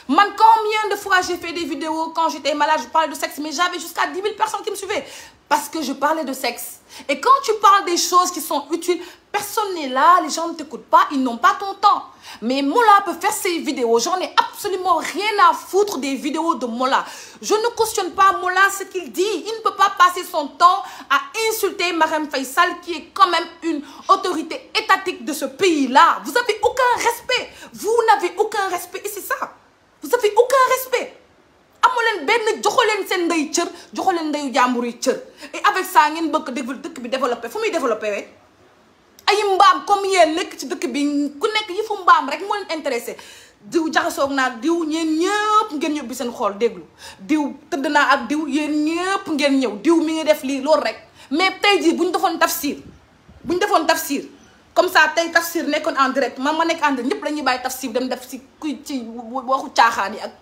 Man, combien de fois j'ai fait des vidéos quand j'étais malade, je parlais de sexe, mais j'avais jusqu'à personnes qui me suivaient parce que je parlais de sexe. Et quand tu parles des choses qui sont utiles, personne n'est là, les gens ne t'écoutent pas, ils n'ont pas ton temps. Mais Mola peut faire ses vidéos. J'en ai absolument rien à foutre des vidéos de Mola. Je ne cautionne pas Mola ce qu'il dit. Il ne peut pas passer son temps à insulter Marem Faisal vous avez aucun respect amu leen benn joxo leen seen ndey cër joxo leen ndeyu jàmbur yi cër et avec ça ngeen bëgg dëkk bi développé fu muy développé wee ay mbaam comme yéen nekk ci dëkk bi ku nekk yi fu mbaam rek moo leen intéressé diw jaxasoog naa ak diw ñeen ñëpp ngeen bi seen xool déglu diw tëdd naa ak diw yéen ñëpp ngeen ñëw diw mi ngi def lii loolu rek mais tey jii bu ñu defoon tafsir bu ñu defoon tafsir comme ça tey tafsir nekkoon en direct man ma nekk en direct ñëpp la ñuy bàyyi tafsir dem def si ku ci waxu caaxaan yi ak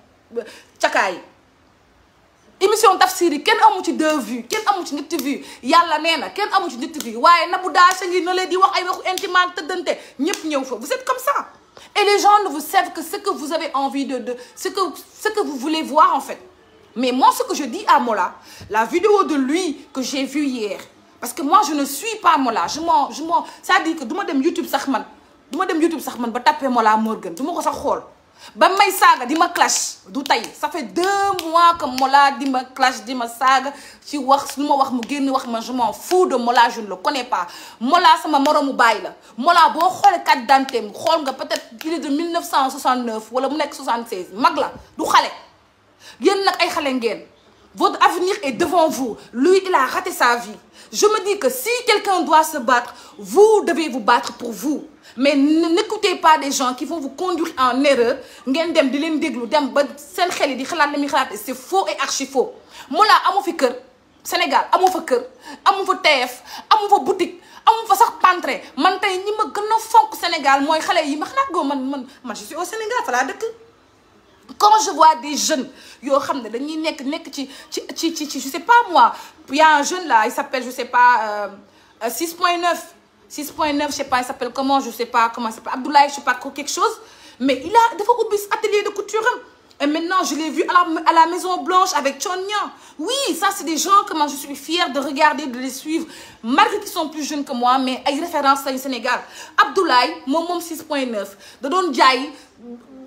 cakaay yi émission tafsir yi kenn amu ci deux vues kenn amu ci ñetti vues yàlla nee na kenn amu ci ñetti vues waaye bu Dash ngi na leen di wax ay waxu intiment tëddante ñëpp ñëw fa vous êtes comme ça et les gens ne vous savent que ce que vous avez envie de de ce que ce que vous voulez voir en fait mais moi ce que Mola la vidéo de lui que j'ai vue parce que moi je ne suis pas Mollah je m'en je m'en cest à que du ma dem YouTube sax man du ma dem YouTube sax man ba tapé Mollah Morgun du ma ko sax xool ba may saaga di ma clash du tey ça fait deux mois que Mollah di ma clash di ma saaga ci wax lu ma wax mu génn wax ma je m'en fous de Mollah je ne le connais pas Mollah sama moromu baay la Mollah boo xoolee carte d'identité xool nga peut-être il est de 1969 wala mu nekk 76 mag la du xale yéen nag ay xale ngeen votre avenir est devant vous a je me dis que si quelqu'un doit se battre vous devez vous battre pour vous mais n'écoutez pas des gens qui vont vous conduire en erreur ngeen dem di leen déglu dem ba seen xel yi di xalaat la muy xalaat c'est faux et archi faux mu laa amu fi kër Sénégal amu fa kër amu fa TF amu fa boutique amu fa sax pantre man tey ñi ma gën a fonk Sénégal mooy xale yi ma xanaa goo man man man je suis Sénégal fa laa dëkk quand je vois des jeunes yoo xam ne dañuy nekk nekk ci ci ci ci ci je sais pas moi il y a un jeune là il s'appelle je sais pas euh, 6.9 euh, 6.9 je sais pas il s'appelle comment je sais pas comment il s'appelle Abdoulaye je sais pas quelque chose mais il a dafa ubbi atelier de couture et maintenant je l'ai vu à la, à la Maison Blanche avec Tchonia oui ça c'est des gens que moi je suis fière de regarder de les suivre malgré qu'ils sont plus jeunes que moi mais ay référence lañu Sénégal Abdoulaye moom moom 6.9 da doon jaay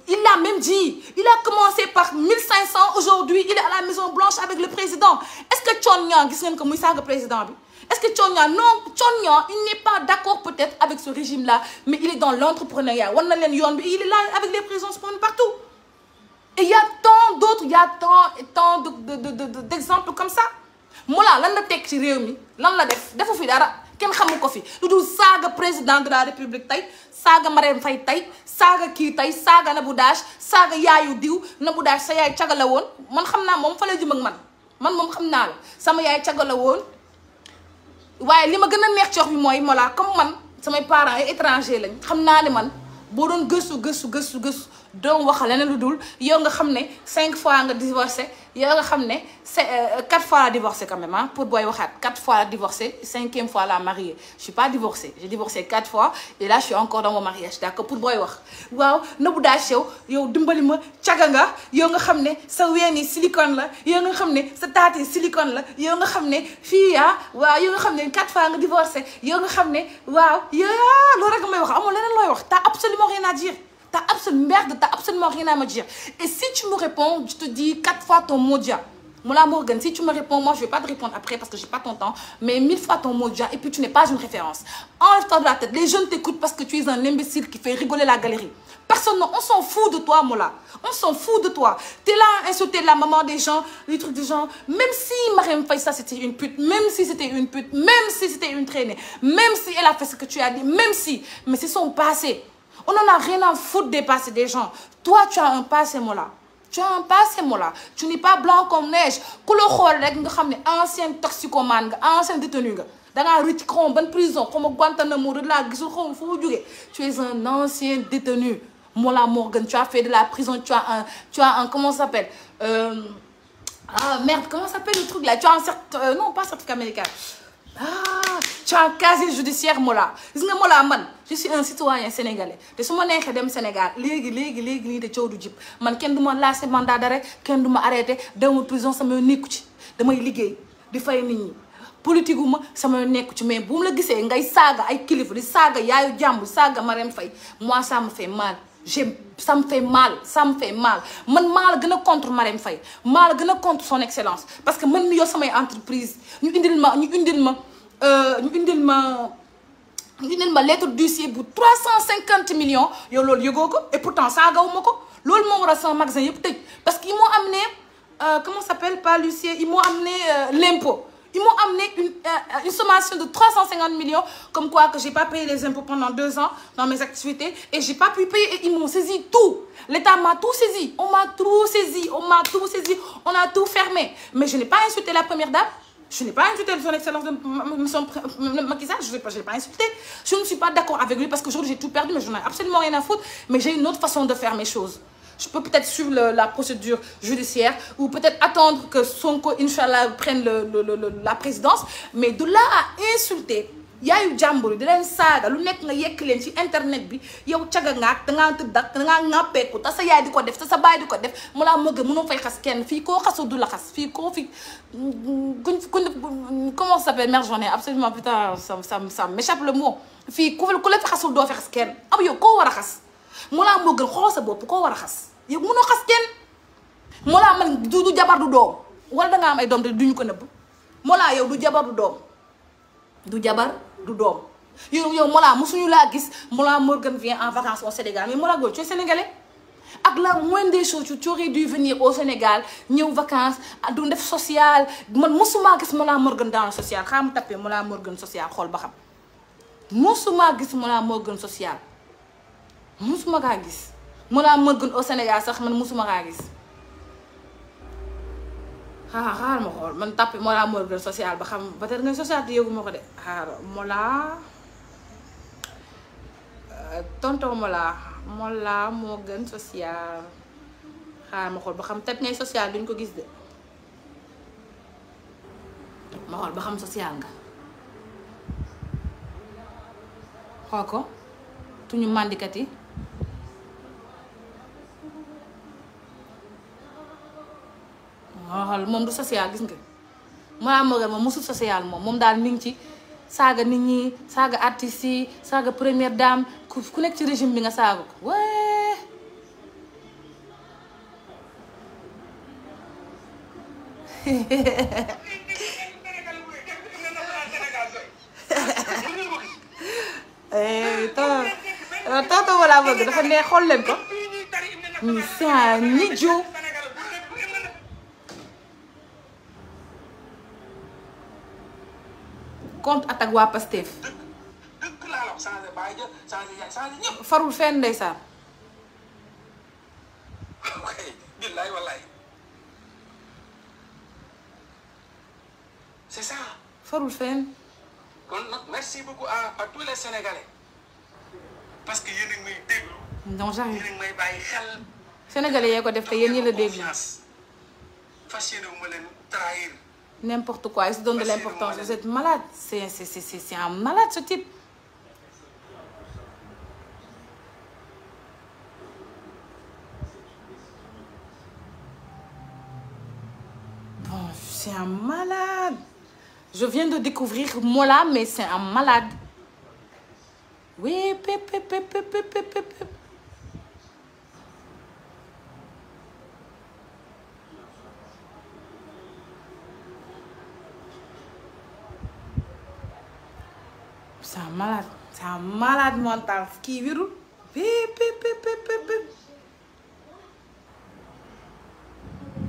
il l'a même dit il a commencé par 1500 aujourd'hui il est à la Maison Blanche avec le président est-ce que Thione Niang gis ngeen ko muy saaga président bi est-ce que Thione Niang non Thione Niang il n'est pas d'accord peut-être avec ce régime-là mais il est dans l'entrepreneuriat war na leen yoon bi il est là avec les prisons spawn partout et y a tant d'autres y a tant de de de d'exemples comme ça Mollah lan la teg ci réew mi lan la def defu fi dara kenn xamu ko fi lu dul saaga président de la république tey saaga Marème fay tey saaga kii tey saaga Nabou Dash saaga yaayu diw Nabou Dash sa yaay cagala woon man xam naa moom fa la jëm ak man man moom xam naa la sama yaay cagala woon waaye li ma gën a neex ci bi mooy Mollah comme man samay parents ay étranger lañ xam naa ne man boo doon gëstu gëstu gëstu gëstu doom wax leneen lu dul yow nga xam ne cinq fois nga divorcé yow nga xam ne euh, quatre fois la divorcé quand même ah pour booy waxaat quatre fois la divorcé cinquième fois la mariée je suis pas divorcée j'ai fois et là je suis encore dans mariage d'accord pour booy wax waaw Nabou Dash yow yow dimbali ma caga nga yow nga xam ne sa ween yi silicone la yow nga xam ne sa taat yi silicone la yow nga xam ne fii ah waaw yow nga xam ne quatre fois nga divorcé yow nga xam ne waaw yaa ah, loolu rek nga may wax amoo leneen looy wax t'as absolument rien à dire T'as absolument merde, t'as absolument rien à me dire. Et si tu me réponds, je te dis quatre fois ton mot dia. Moula Morgan, si tu me réponds, moi je vais pas te répondre après parce que j'ai pas ton temps, mais mille fois ton mot dia et puis tu n'es pas une référence. Enlève-toi de la tête. Les jeunes t'écoutent parce que tu es un imbécile qui fait rigoler la galerie. Personne, non, on s'en fout de toi, Mola. On s'en fout de toi. T'es là à insulter la maman des gens, les trucs des gens. Même si Mariam Faïssa c'était une pute, même si c'était une pute, même si c'était une traînée, même si elle a fait ce que tu as dit, même si. Mais c'est son passé. On n'en a rien à foutre des passés des gens. Toi, tu as un passé, Mola. Tu as un passé, Mola. Tu n'es pas blanc comme neige. Ku la xool rek nga xam ne ancien toxicomane nga ancien détenu nga dangaa rëcc xaw ma ban prison xaw ma Guantanamo de la gisul xaw ma fu mu jógee tu es un ancien détenu Mola Morgan tu as fait de la prison tu as un tu as un comment ça s'appelle euh, ah, merde comment s'appelle le là tu as un cert... Euh, non pas certificat médical ah tu as casier judiciaire Mollah gis nga Mollah man je suis un citoyen sénégalais te su ma neexee dem Sénégal léegi léegi léegi nii te coow du jib man kenn du ma lancé mandat d'arrêt kenn du ma arrêté dewma prison sama yoon nekku ci damay liggéey di fay nit ñi politique gu ma sama nekku ci mais bu mu la gisee ngay saaga ay kilifa di saaga yaayu jàmb saaga ma rem moi ça me fait mal. j'ai ça me fait mal ça me fait mal man maa gën a contre Marème Faye maa la gën a contre son excellence parce que man mi yor samay entreprise ñu indil ma ñu indil ma euh, ñu indil ma ñu indil ma lettre d'huissier bu trois cent cinquante millions yow loolu yëgoo ko et pourtant saagaw ma ko loolu moo waral sama magasin yëpp tëj parce que ils m'ont amené euh, comment s'appelle pas l'huissier moo m'ont amené euh, Ils m'ont amené une, euh, euh une sommation de millions, comme quoi que j'ai pas payé les impôts pendant deux ans dans mes activités et j'ai pas pu payer. ils m'ont saisi tout. L'État m'a tout saisi. On m'a tout saisi. On a tout fermé. Mais je n'ai pas insulté la première dame. Je n'ai pas insulté je ne pas d'accord avec lui parce qu'aujourd'hui j'ai tout perdu, mais je n'en absolument rien à foutre. Mais j'ai une autre façon de faire mes choses. je peux peut-être suivre le, la procédure judiciaire ou peut-être attendre que Sonko inchallah prenne le, le, le la présidence mais de là à insulter yaayu jàmbur yi di leen lu nekk nga yekk leen ci internet bi yow caga ngaak dangaa da ak dangaa ŋàppeeku te sa yaay di ko def te sa baay di ko def mu laa mëgg mënoo fay xas kenn fii koo xasu du la xas fii koo fi kuñ kuñ comment ça s'appelle mère journée absolument putain ça ça ça m'échappe le mot fii ku ku la fi xasul doo fi xas kenn am yow koo war a xas mu laa moo gën xool sa bopp koo war a xas yow mënoo xas kenn mu laa man du jabar du doom wala da am ay doom te duñu ko nëbb mu laa yow du jabar du doom du jabar du doom yow yow mu laa musuñu laa gis mu laa Morgan vient en vacances au Sénégal mais mu laa góor tu es sénégalais ak la moindre des choses tu aurais dû venir au ah, du def social man mosuma gis Mollah Morgun dans le social xaaral ma tapé Mollah xool ba xam mosuma gis Mollah Morgun musuma kaa gis mu laa mëgg au Sénégal sax man musuma kaa gis xaaral xaaral ma xool man tàppi moo laa morgan social ba xam peut-être nga ma ko de xaaral moo laa euh, moo laa moo laa moo gën social xaaral ba xam teg ngay social duñ ko gis de ma xool ba xam social nga xool ko tuñu màndikat yi waxal moom du social gis nga maanaam Morgan moom mosul social moom moom daal mi ngi ci saaga nit ñi saaga artistes yi saaga première dame ku nekk ci régime bi nga saaga ko wee toto wala bëgg dafa ne xool leen ko hmm, c'est un idiot contre attaque waa Pastef farul fenn ndeysaan billaay kon nag merci beaucoup parce que yéen a non jamais yéen a ngi may bàyyi xel. sénégalais yee ko def te yéen ñi la déglu. fas yéene wu ma leen trahir. n'importe quoi il se donne de l'importance vous êtes malade c'est c'est c'est c'est un malade ce type. bon c'est un malade je viens wii pip pip pip pip pip pip c'est malade c'est malade mental kii wiru pip pip pip pip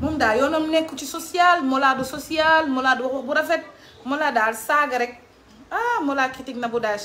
moom daal yoonam nekku ci social molaa du social molaa du wax bu rafet molaa daal saaga rek ah molaa critique na bu daaj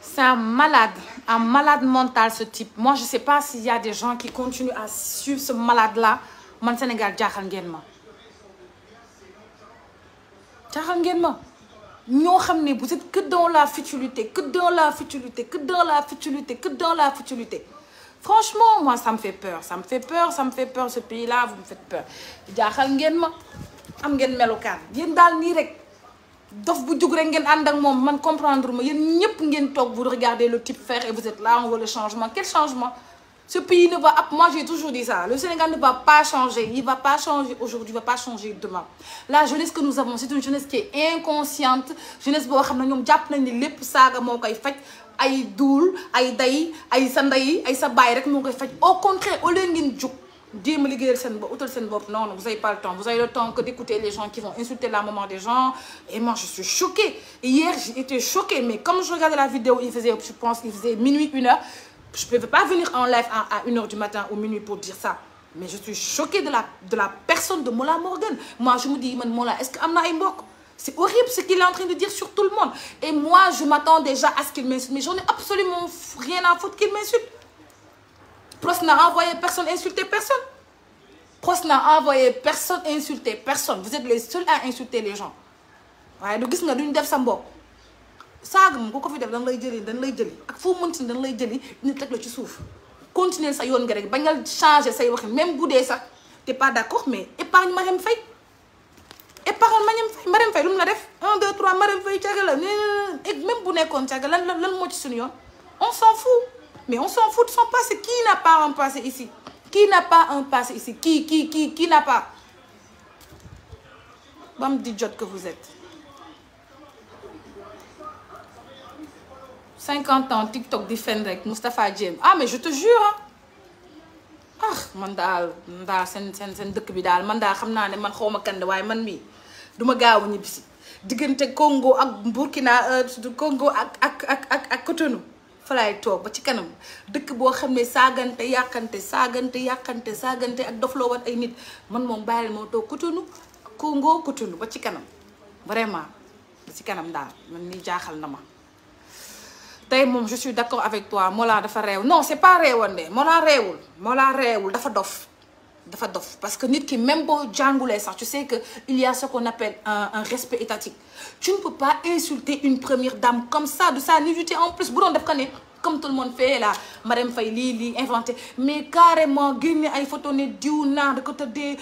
C'est un malade, un malade mental ce type. Moi, je ne sais pas s'il y a des gens qui continuent à suivre ce malade-là. Man Sénégal, jaaxal ngeen ma jaaxal ngeen ma ñoo xam ne vous êtes que dans la futilité, que dans la futilité, que dans la futilité, que la futilité. Franchement, moi, ça me fait peur. Ça me fait peur, ce pays-là, vous me faites peur. Jaaxal ngeen ma am ngeen melokaan yéen daal nii rek. dof bu jug rek ngeen ànd ak moom man comprendre ma yéen ñëpp ngeen toog bu regardez le type faire et vous êtes là on voit le changement quel changement ce pays ne va moi j'ai toujours dit ça le Sénégal ne va pas changer il va pas changer aujourd'hui il va pas changer demain la jeunesse que nous avons c'est une jeunesse qui inconsciente jeunesse boo xam ne ñoom jàpp nañ ni lépp saaga moo koy faj ay duul ay day ay sa ndey ay sa baay rek moo koy faj au contraire au ngeen jug jéem a liggéeyal seen bopp utal seen bopp non vous avez pas le temps vous avez le temps que d'écouter les gens qui vont insulter la maman des gens et moi je suis choquée hier j'étais choquée mais comme je regardais la vidéo il faisait je pense minuit une heure je pouvais pas venir en live à une heure du matin ou minuit pour dire ça mais je suis choquée de la de la personne de Mola Morgan moi je me dis man est-ce que am na ay mbokk c'est horrible ce qu'il est en train de dire Prost n'a envoyé personne insulter personne. Prost n'a envoyé personne insulter personne. Vous êtes les seuls à insulter les waaye du gis nga duñ def sa mbokk saaga moom ku ko fi def dañ lay jëli dañ lay jëli ak foo mënti dañ lay jëli ñu teg la ci suuf continuer sa yoon nga rek bañal changé say waxi même bu dee sax te pas d'accord mais épargne Marème Faye épargne Marème Faye Marème Faye lu mu la def 1 2 3 Marème Faye caga la même bu nekkoon caga lan lan lan moo ci suñu yoon Mais on s'en fout de son passé. Qui n'a pas un passé ici Qui n'a pas un passé ici Qui, qui, qui, qui n'a pas Bam d'idiote que vous êtes. 50 ans, TikTok defend avec Mustapha Djem. Ah, mais je te jure. Ah, man daal man daal seen seen seen dëkk bi daal man daal xam naa ne man xaw ma kan waaye man mi du ma gaaw a ñibbisi diggante Congo ak Burkina euh, Congo ak ak ak ak Cotonou. fa laay toog ba ci kanam dëkk boo xam ne saagante yàqante saagante yàqante saagante ak dof loo wat ay nit man moom bàyyil moo toog Cotonou Congo Cotonou ba ci kanam vraiment ba ci kanam daal man ni jaaxal na ma tey moom je suis d'accord avec toi Mollah dafa reew non c'est pas réewoon de reewul moo laa réewul dafa dof dafa dof parce que nit ki même boo jàngulee sax tu sais que il y a ce qu'on appelle un respect étatique tu ne peux pas insulter une première dame comme ça de sa nudité en plus bu doon def ne comme tout le monde fait là Marème Faye lii lii mais carrément génne ay photo ne diw naa da ko tëddee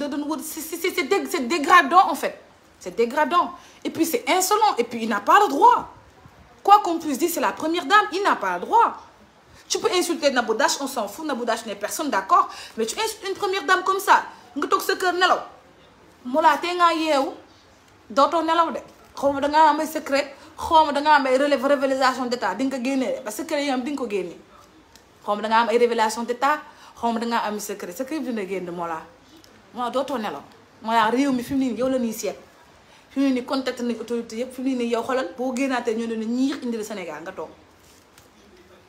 da doon wër c'est c'est dég c'est dégradant en fait c'est dégradant et puis c'est insolent et puis il n'a pas le droit quoi qu'on puisse dire c'est la première dame il n'a pas le tu peux insulter Nabou Dash on s'en fout Nabou Dash n'est personne d'accord mais tu insultes une première dame comme ça nga toog sa kër nelaw mu laa tee ngaa yeewu dootoo nelaw de xaw ma dangaa am ay secret xaw ma dangaa am ay relève révélation d'état di nga ko génnee de parce que secret yi am di nga ko génnee xaw ma am ay révélation d'état xaw ma dangaa am secret secret bi dina génn moo laa moo dootoo nelaw moo laa réew mi fi mu ne nii yow la ñuy seet fi mu ne nii contacté nañ autorité yëpp fi mu ne nii yow xoolal boo génnaatee ñoo doon ñiix indi Sénégal nga toog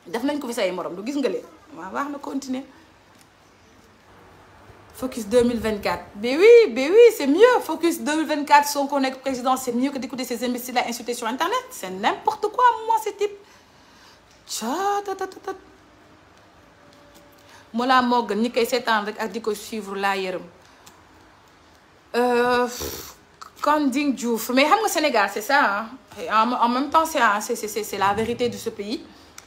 def nañ ko fi say morom du gis nga leen waaw baax na continuer Focus 2024. Mais oui, mais oui, c'est mieux. Focus 2024, son connect président, c'est mieux que d'écouter ces imbéciles-là insulter sur Internet. C'est n'importe quoi, moi, ce type. Moi, la morgue, ni qu'elle s'étend avec Adiko suivre la hier. Euh, Kanding Diouf. Mais au Sénégal, c'est ça. Hein? Et en, en, même temps, c'est la vérité de ce pays.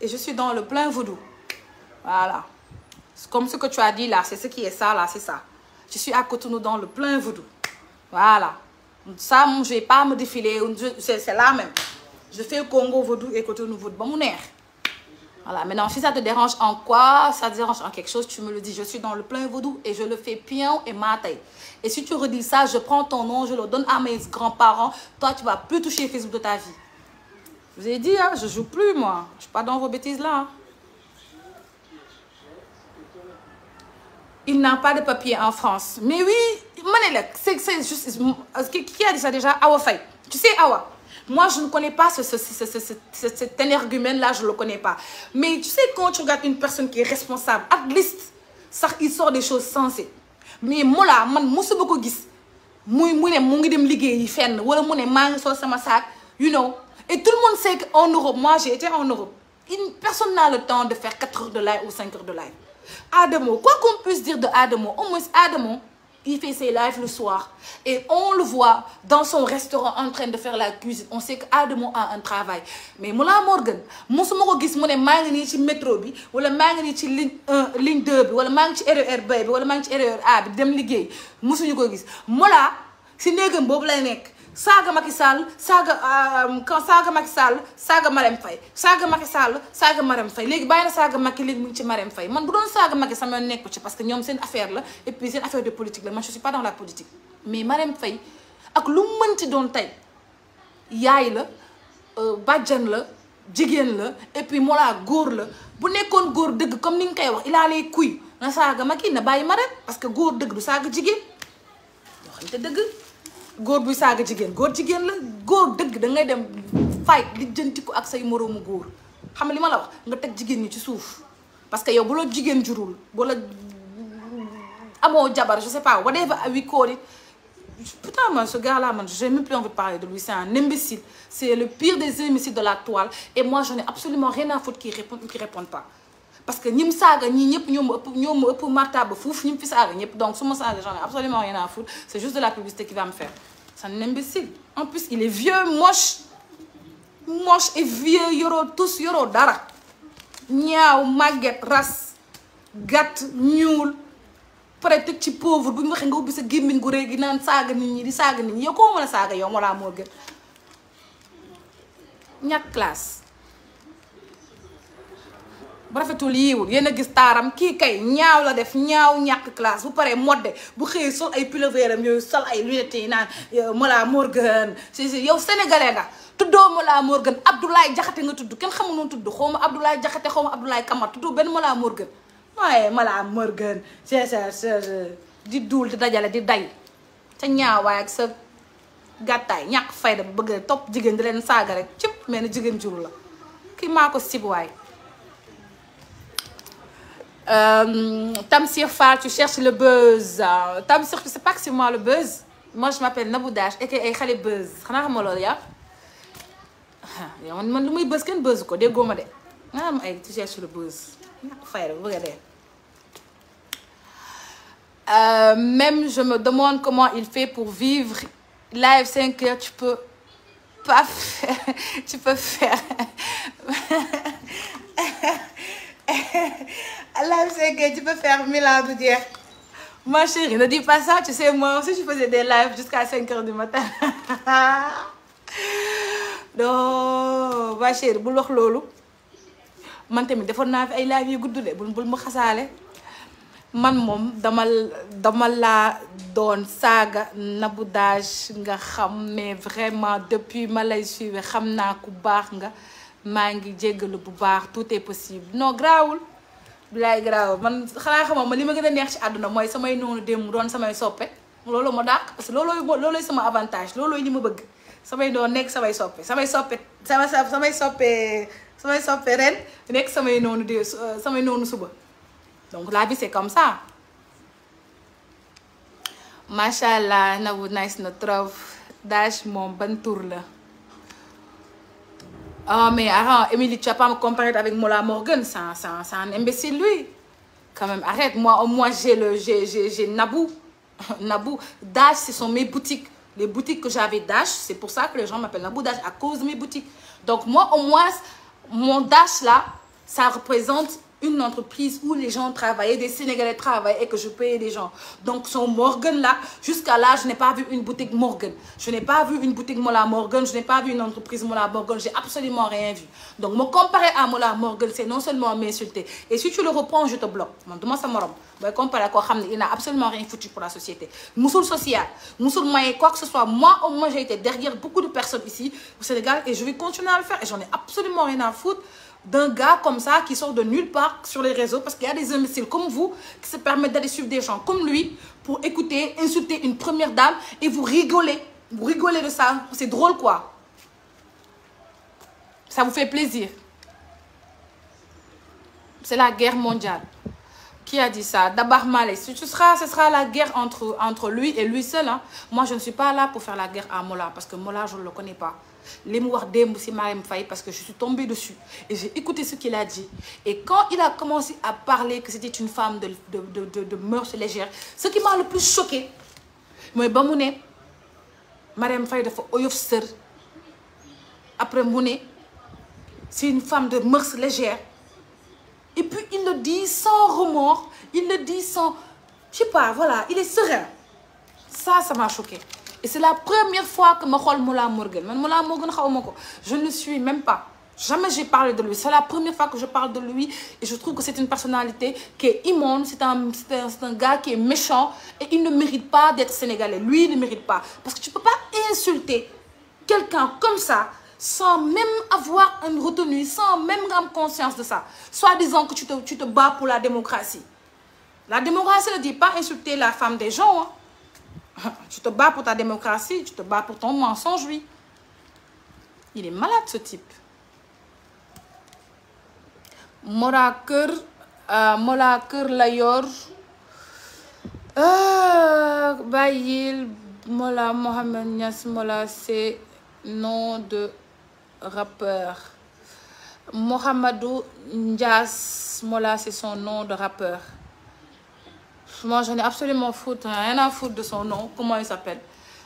et je suis dans le plein vaudou. Voilà. Comme ce que tu as dit là, c'est ce qui est ça, là, c'est ça. Je suis à Cotonou dans le plein vaudou. Voilà. Ça, je ne pas me défiler, c'est là même. Je fais Congo vaudou et Cotonou vaudou. Bon, mon air. Voilà. Maintenant, si ça te dérange en quoi, ça te dérange en quelque chose, tu me le dis. Je suis dans le plein vaudou et je le fais pion et taille. Et si tu redis ça, je prends ton nom, je le donne à mes grands-parents. Toi, tu vas plus vous avez dit, hein, je joue plus, moi. Je suis pas dans vos bêtises là. Il n'a pas de papier en France. Mais oui, c'est juste. Euh, qui a dit ça déjà Awa Faye. Tu sais, Awa. Moi, je ne connais pas ce, ce, ce, ce cet énergumène-là, je ne le connais pas. Mais tu sais, quand tu regardes une personne qui est responsable, at least, ça, il sort des choses sensées. Mais moi, là, man, moi, beaucoup gis. Moi, moi, moi, moi, moi, moi, moi, moi, moi, moi, moi, moi, moi, moi, moi, Et tout le monde sait qu'en Europe, moi j'ai été en Europe, personne n'a le temps de faire 4 heures de live ou 5 heures de live. Adamo, quoi qu'on puisse dire de Adamo, au moins Adamo, il fait ses lives le soir. Et on le voit dans son restaurant en train de faire la cuisine. On sait qu'Adamo a un travail. Mais Moula Morgan, je ne sais pas si je suis dans le métro, ou je suis dans la ligne 2, ou je suis dans le RER B, ou je suis dans le RER A, je suis dans si je suis dans le saaga Macky Sall saaga euh, saaga Macky Sall saaga Marème Faye saaga Macky Sall saaga Marème Faye léegi bàyyi na saaga Macky léegi mu ngi ci Marème Faye man bu doon saaga Macky sama yoon nekku parce que ñoom seen affaire la et puis seen affaire de politique la man je suis pas dans la politique mais Marème Faye ak lu doon tey yaay la euh, bàjjan la jigéen la et góor la bu nekkoon góor dëgg comme ni nga koy wax il a les couilles na saaga Macky na bàyyi Marème parce que góor dëgg du saaga jigéen yoo xam te dëgg góor buy saaga jigéen góor jigéen la góor dëgg da ngay dem fight di jëntiku ak say moroomu góor xam li ma la wax nga teg jigéen ñi ci suuf parce que yow bu jigéen jurul wala amoo jabar je sais pas whatever we call it putain man ce gars man j'ai plus envie de parler de lui c'est c'est le pire des imbéciles de la toile et moi j'en ai absolument rien à foutre qu'il réponde qu'il réponde parce que ñi saaga ñii ñëpp ñoo ma ëpp ñoo ma ëpp martaba fuuf ñi mu fi saaga ñëpp donc su ma saaga j'en ai absolument rien à foutre c'est juste de la publicité qui va me faire c'est un imbécile en plus il est vieux moche moche et vieux yoroo tous yoroo dara ñaaw màgget ras gàtt ñuul pare teg ci pauvre bu ñu waxee nga ubbi sa gémmiñ gu rëy gi naan saaga nit ñi di saaga nit ñi yow koo mën a saaga yow moo laa moo gën ñàkk classe rafetul yiiwul yéen a gis taaram kii kay ñaaw la def ñaaw ñàkk classe bu paree modde bu xëyee sol ay pull-over-am yooyu sol ay lunettes yi naan euh, Mollah Morgun si si yow sénégalais nga tuddoo Mollah Morgun Abdoulaye Jaxate nga tudd kenn xamu noonu tudd xaw ma Abdoulaye Jaxate xaw ma Abdoulaye Kamara tuddoo benn Mollah Morgun waaye Mollah Morgun di duul di dajale di day sa ñaawaay ak sa gàttaay ñàkk fayda bu bëgg a topp jigéen di leen saaga rek cëpp mel ni jigéen juru la kii Euh, Tamsir Fall, tu cherches le buzz. Tamsir, tu sais pas que c'est moi le buzz Moi, je m'appelle Naboudash, et que Khalé Buzz. Tu sais man man lu muy bës kenn bësu ko déggoo ma de ah ma ay tu cherches le buzz fay rek bëgg a dee. Euh, même je me demande comment il fait pour vivre live 5 heures tu peux pas faire tu peux faire Live c'est que tu peux faire mille ans de dire. Ma chérie, ne dis pas moi aussi, je faisais des lives jusqu'à 5 heures du matin. non, ma bul wax loolu man tamit defoon naa fi ay live yu gudd de bul bul ma xasaale. man moom dama dama laa doon saaga Nabou Dash nga xam mais vraiment depuis ma lay suivre xam naa ku baax nga maa ngi jéggalu bu baax tout est possible non grawul bilaay grave man xanaa xamoo ma li ma gën a neex ci àdduna mooy samay noonu démb doon samay soppe loolu ma dàq parce que loolooy loolooy sama avantage loolooy ma bëgg samay doon nekk samay soppe samay soppe sama samay soppe samay soppe ren nekk samay noonu de euh, samay noonu suba donc la vie c'est comme ça macha allah nabu nice na trop dash moom ban tur la Oh, mais arrête, Emily, tu vas pas me comparer avec Mola Morgan. C'est lui. Quand même, Moi, au moins, j'ai le, j'ai, Nabou. Nabou. Dash, ce sont mes boutiques. Les boutiques que j'avais Dash, c'est pour ça que les gens m'appellent Nabou Dash, à cause de mes boutiques. Donc, moi, au moins, mon Dash, là, ça représente une entreprise où les gens travaillaient, des Sénégalais travaillaient et que je payais des gens. Donc son Morgan là, jusqu'à là, je n'ai pas vu une boutique Morgan. Je n'ai pas vu une boutique Mola Morgan, je n'ai pas vu une entreprise Morgan, j'ai absolument rien vu. Donc me Morgan, c'est non seulement m'insulter. Et si tu le reprends, je te bloque. Man duma sama morom. Boy comparer à quoi il n'a absolument rien foutu pour la société. Moussoul social, d'un gars comme ça qui sort de nulle part sur les réseaux parce qu'il y a des imbéciles comme vous qui se permettent d'aller suivre des gens comme lui pour écouter, insulter une première dame et vous rigolez. Vous rigolez de ça. C'est drôle quoi. Ça vous fait plaisir. C'est la guerre mondiale. Qui a dit ça D'abord Malé. Ce la guerre entre, entre lui et lui seul. Hein. Moi, je ne suis pas là pour faire la guerre à Mola parce que Mola, je ne le connais pas. li mu wax démb si Marème Faye parce que je suis tombée dessus et j'ai écouté ce qu'il a dit et quand il a commencé à parler que c'était une femme de de de ce qui m'a le plus choqué mooy ba mu ne Marème Faye dafa oyof sër après mu ne c'est une femme de mœurs légères et puis il le dit sans remords il le dit sans je pas voilà il est serein ça m'a choqué et c'est la première fois que ma xool Moula Morgan man Moula Morgan xaw ma je ne suis même pas jamais j'ai parlé de lui c'est la première fois que je parle de lui et je trouve que c'est une personnalité qui est immonde c'est un c'est qui est méchant et il ne mérite pas d'être sénégalais lui ne mérite pas parce que tu peux pas insulter quelqu'un comme ça sans même avoir une retenue sans même nga conscience de ça soi-disant que tu te tu te pour la démocratie des Je ah, te bats pour ta démocratie, tu te bats pour ton mensonge, oui. Il est malade, ce type. Mora kër euh, Mora kër la yor euh, bàyyil Mola Mohamed Niass Mola c'est nom de rappeur Mohamedou Niass Mola c'est son nom de rappeur Moi, j'en ai absolument foutre, rien à foutre de son nom, comment il s'appelle.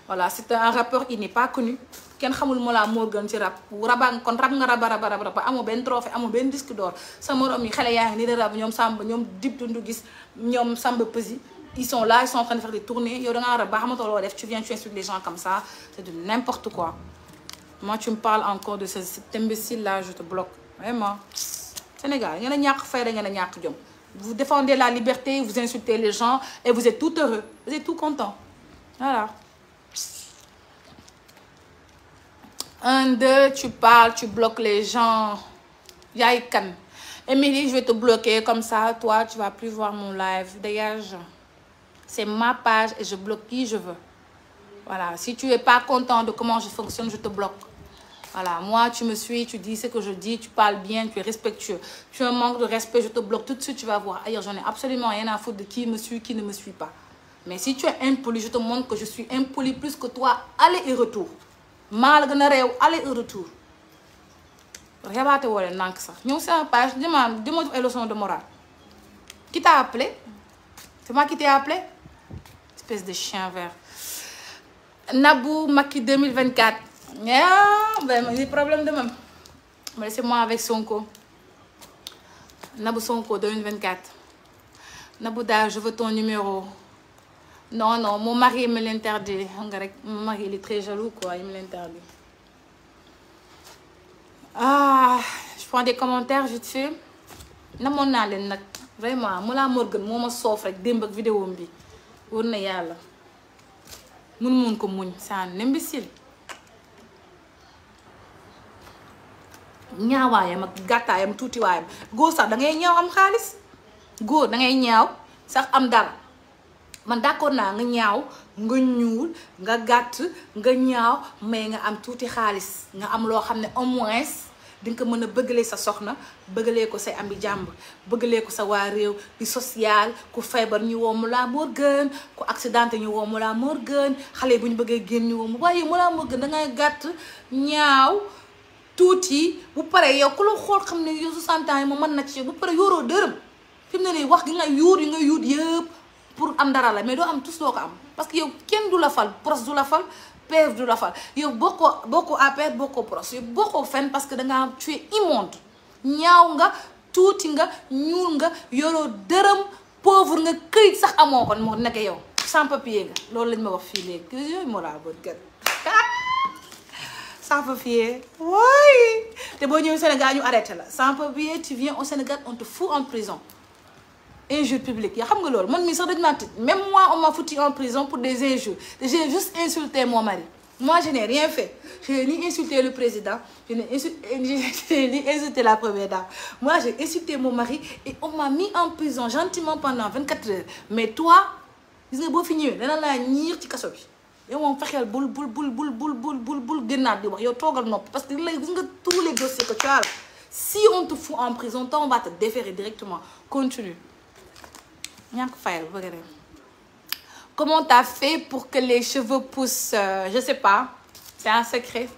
Voilà, c'est un rappeur qui n'est pas connu. kenn xamul Mollah Morgun ci rap rabaa kon rab nga raba raba raba amoo benn trophée amoo benn disque d'or sa morom yi xale yaa ngi nii de rab ñoom Samba ñoom Dip Doundou Guiss ñoom Samba Peuzzi ils sont là ils sont en train de yow da rab ba xamatoo loo def tu viens tu insultes les gens comme ça c'est de n'importe quoi moi tu me te bloque vraiment Sénégal ngeen ñàkk fayda Vous défendez la liberté, vous insultez les gens et vous êtes tout heureux. Vous êtes tout content. Voilà. Un, deux, tu parles, tu bloques les gens. Yaay Émilie, je vais te bloquer comme ça. Toi, tu vas plus voir mon live. Dégage. C'est ma page et je bloque qui je veux. Voilà. Si tu es pas content de comment je fonctionne, je te bloque. Voilà, moi, tu me suis, tu dis ce que je dis, tu parles bien, tu es respectueux. Tu as un manque de respect, je te bloque tout de suite, tu vas voir. Ailleurs, j'en ai absolument rien à foutre de qui me suit, qui ne me suit pas. Mais si tu es impoli, je te montre que je suis impoli plus que toi, aller et retour. Malgré aller et retour. Regarde, Nous sommes en page, demande, demande une de morale. Qui t'a appelé C'est moi qui t'ai appelé Espèce de chien vert. Nabou Maki ah vraiment li problème de même mais laissez-moi avec Sonko Nabou Sonko 2024 Nabou daal je veux ton numéro non non mon mari me l'interdit xam nga rek mon mari li est très jaloux quoi il me l'interdit ah je prends des commentaires vite fait namoon naa leen nag vraiment Mollah Morgun moo ma soof rek démb ak vidéo bi wër na yàlla mun mun ko muñ c'est un ñaawaayam ak gàttaayam tuutiwaayam góor sax da ngay ñaaw am xaalis góor dangay ñaaw sax am dara man dàkkoon naa nga ñaaw nga ñuul nga gàtt nga ñaaw may nga am tuuti xaalis nga am loo xam ne au moins di nga ko mën a bëggalee sa soxna bëggalee ko say ami jàmbur bëggalee ko sa waa réew di social ku feebar ñu woo Mollah Morgun ku accidenté ñu woo Mollah gën xale bu ñu bëggee génn ñu woo waaye Mollah Morgun da dangay gàtt ñaaw. tuuti bu paree yow ku la xool xam ne yow 60 yi moom mën na ci bu paree yoroo dërëm fi mu ne nii wax gi nga yuut yi nga yuut yëpp pour am dara la mais doo am tous doo ko am parce que yow kenn du la fal pros du la fal PF du la fal yow bokkoo bokkoo APR bokkoo prose yow bokkoo fenn parce que da ngaa tu ñaaw nga tuuti nga ñuul nga yoroo dërëm pauvre nga këyit sax amoo ko moo nekk yow sans papier nga loolu lañ ma wax fii léegi yooyu ça peut fier oui te boo ñëwee Sénégal ñu arrêté la ça peut fier tu viens au Sénégal on te fout en prison injure publique yaa xam nga loolu man mii sax même moi on m'a foutu en prison pour des injures j'ai juste insulté mon mari moi je n'ai rien fait je n'ai ni insulté le président je n'ai insulté, ni insulté la première dame moi j'ai insulté mon mari et on m'a mis en prison gentiment pendant 24 heures mais toi gis nga boo fi ñëwee dana laa ñiir ci kaso bi yow moom fexeel bul bul bul bul bul bul bul bul génnaat di wax yow toogal nopp parce que li lay gis nga tous les dossiers que tu as là si on te fout en prison toi on va te déférer directement continue ñàkk fayal bëgg a dem comment t'as fait pour que les cheveux poussent euh, je sais pas c'est un secret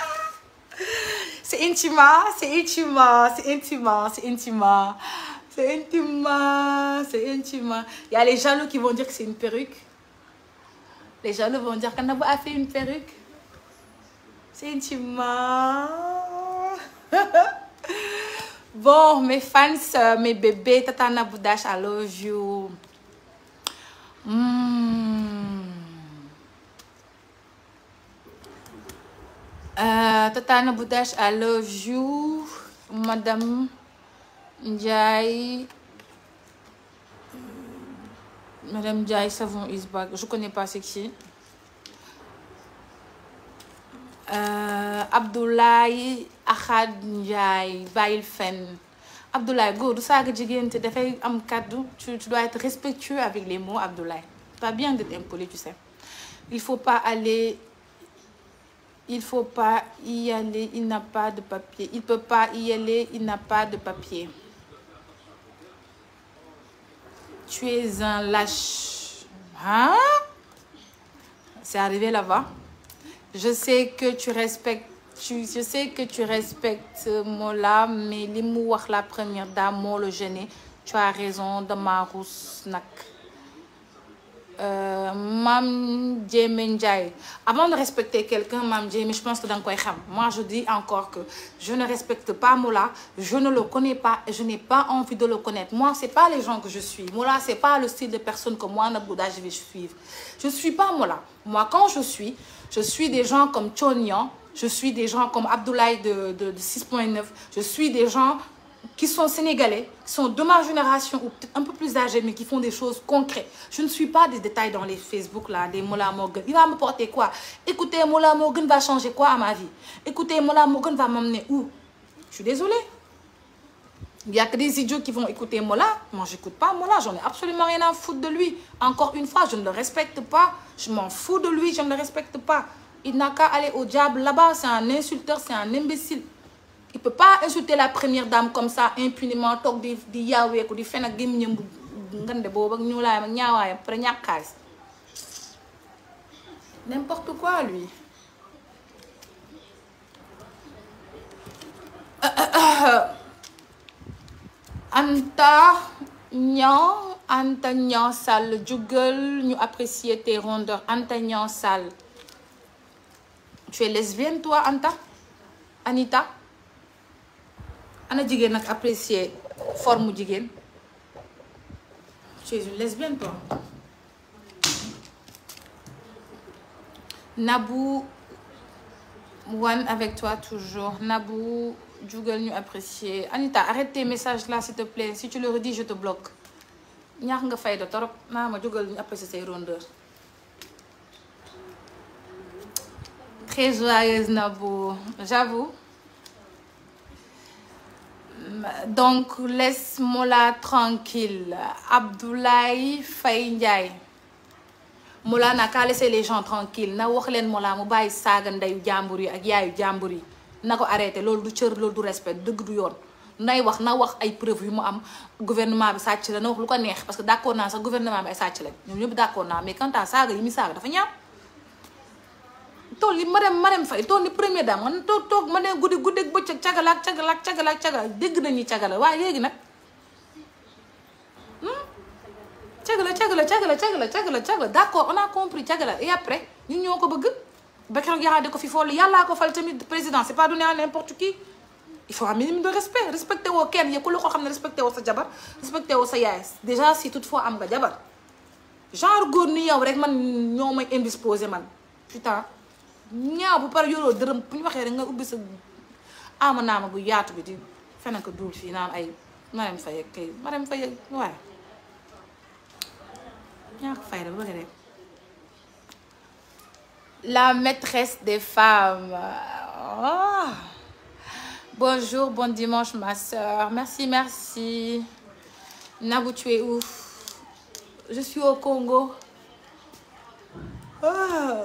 c'est intima c'est intima c'est intima c'est intima c'est intima c'est intima il y a les jaloux qui vont dire que c'est une perruque Les gens vont dire qu'Anabou a fait une perruque. bon, mes fans, euh, mes bébés, Tata Naboudash, I love you. Mmh. Madame Ndiaye. Madame Jai Savon is back. Je connais pas c'est qui. Euh, Abdoulaye Ahad Ndiaye Fen. Abdoulaye, go, tu sais que tu am cadeau. Tu dois être respectueux avec les mots, Abdoulaye. Pas bien d'être impoli, tu sais. Il faut pas aller. Il faut pas y aller, il n'a pas de papier. Il peut pas y aller, il n'a pas de papier. Tu es un lâche. Hein? C'est arrivé là-bas. Je sais que tu respectes tu, je sais que tu respectes euh, Mola, mais li mu wax la première dame moo la gêné. Tu as raison dama ruus nag. Euh, Mam Djemé Ndiaye. Avant de respecter quelqu'un, Mam Djemé, je pense que dans quoi Moi, je dis encore que je ne respecte pas Mola, je ne le connais pas et je n'ai pas envie de le connaître. Moi, c'est pas les gens que je suis. Mola, c'est pas le style de personne que moi, Nabouda, je vais suivre. Je ne suis pas Mola. Moi, quand je suis, je suis des gens comme Chonyan, je suis des gens comme Abdoulaye de, de, de 6.9, je suis des gens qui sont sénégalais, qui sont de ma génération ou peut-être un peu plus âgés, mais qui font des choses concrètes. Je ne suis pas des détails dans les Facebook, là, des Mola Morgan. Il va me porter quoi Écoutez, Mola Morgan va changer quoi à ma vie Écoutez, Mola Morgan va m'emmener où Je suis désolée. Il n'y a que des idiots qui vont écouter Mola. Moi, j'écoute pas Mola. J'en ai absolument rien à de lui. Encore une fois, je ne le respecte pas. Je m'en fous de il peut pas insulter la première dame comme ça impunément toog di di di fen ak gémmiñam bu ngande boobu ak ñuulaayam ak ñaawaayam après ñàkk xaalis n'importe quoi lui Anta Niang Anta Niang Sall jugal ñu apprécier tes rondeurs Anta Niang Sall tu es lesbienne toi Anta Anita ana jigéen nag apprécier forme jigéen tu es une lesbienne toi Nabou one avec toi toujours Nabou jugal ñu apprécier Anita arrête tes la là s'il te plaît si tu le redis je te bloque ñaax nga fayda torop naa ma jugal ñu apprécier say rondeur très joyeuse Nabou j'avoue donc laisse-moi tranquille Abdoulaye Faye Ndiaye Mawlana kaa laisser les gens tranquilles na wax leen Mawla mu bàyyi saaga ndeyu jàmbur yi ak yaayu jàmbur yi na ko arrêté loolu du cër loolu du respect dëgg du yoon nay wax na wax ay preuve yu mu am gouvernement bi sàcc la na wax lu ko neex parce que d'accord naa sax gouvernement bi ay sàcc lañ ñoom ñëpp d'accord naa mais quant saaga yi muy saaga dafa ñaaw tool yi Marème Marème Faye tool ni première dame man toog toog ma ne guddi guddeeg bëccëg cagalaak cagalaak cagalaak cagalaak dégg nañu cagala waaye léegi nag hmm? cagala cagala cagala cagala cagala cagala d'accord on a compris cagala et après ñu ñoo ko bëgg ba keroog yaa di ko fi foolu yàllaa ko fal tamit président c'est pas donné à n'importe qui il faut un minimum de respect respecté woo kenn ko xam ne respecté woo sa jabar respecté woo sa yaay déjà si toutefois am nga jabar genre góor ni yow rek man ñoo may indisposé man putain ñaaw bu pare yoroo dërëm bu ñu waxee rek nga ubbi sa ama naama gu yaatu bi di feneen ko duul fii naan ay Marème Faye ak kay Marème Faye ak waaye ñaako fay la la maîtresse des femmes ah. bonjour bon dimanche ma soeur merci merci Nabou tu es je suis au Congo ah.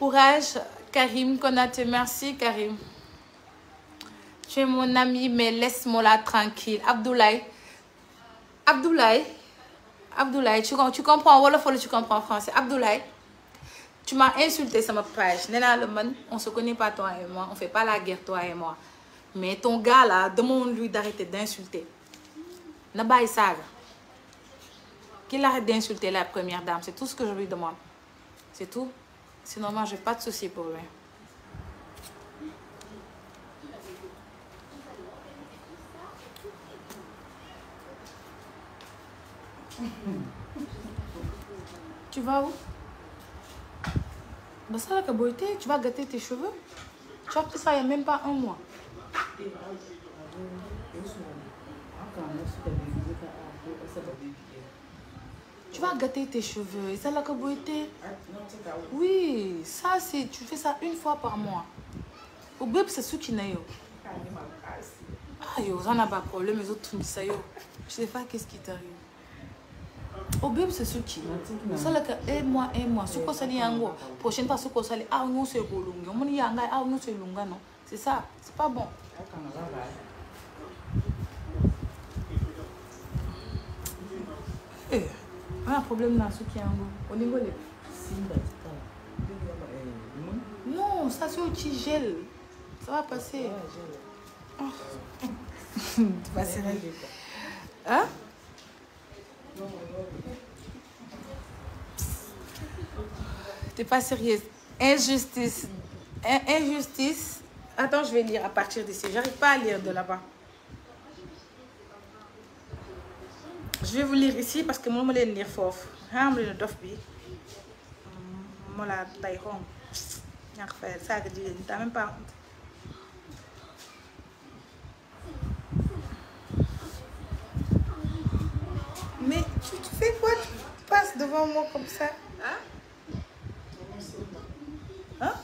Courage, Karim Konate. Merci, Karim. Tu mon ami, mais laisse-moi là tranquille. Abdoulaye. Abdoulaye. Abdoulaye, tu, tu comprends Wolof ou tu comprends français Abdoulaye, tu m'as insulté sur ma page. on se connaît pas toi et moi. On fait pas la guerre toi et moi. Mais ton gars là, demande-lui d'arrêter d'insulter. Nabaye Saga. Qu'il arrête d'insulter la première dame. C'est tout ce que je lui demande. C'est tout. Sinon, moi, j'ai pas de souci pour lui. tu vas où Bassala Kaboité, tu vas gâter tes cheveux Tu as pris ça il n'y a même pas un mois. Tu vas gâter tes cheveux. Et ça la beauté. Oui, ça c'est tu fais ça une fois par mois. Au bébé c'est ce qui n'est Ah yo, ça n'a pas de problème, les autres me ça yo. Je sais pas qu'est-ce qui t'arrive. Au bébé c'est ce qui. Ça la et moi et moi, ce qu'on s'allait yango. Prochaine fois ce qu'on s'allait ah nous c'est bolongo. Mon yanga ah nous c'est longa non. C'est ça, c'est bon. Eh. wana problème na soki yango olingi olesimba titala non ça c'est oti gel ça va passer ah, oh. passerelle hein t'es pas sérieuse injustice injustice attends je vais lire à partir d'ici j'arrive pas à lire de là-bas je vais vous parce que mënuma leen lire foofu xam leen dof bi mm, Mollah day xom ñàkk fay saaga jigéen ñi daa même pas mais tu tu fais quoi tu passes devant moi comme ça ah. ah.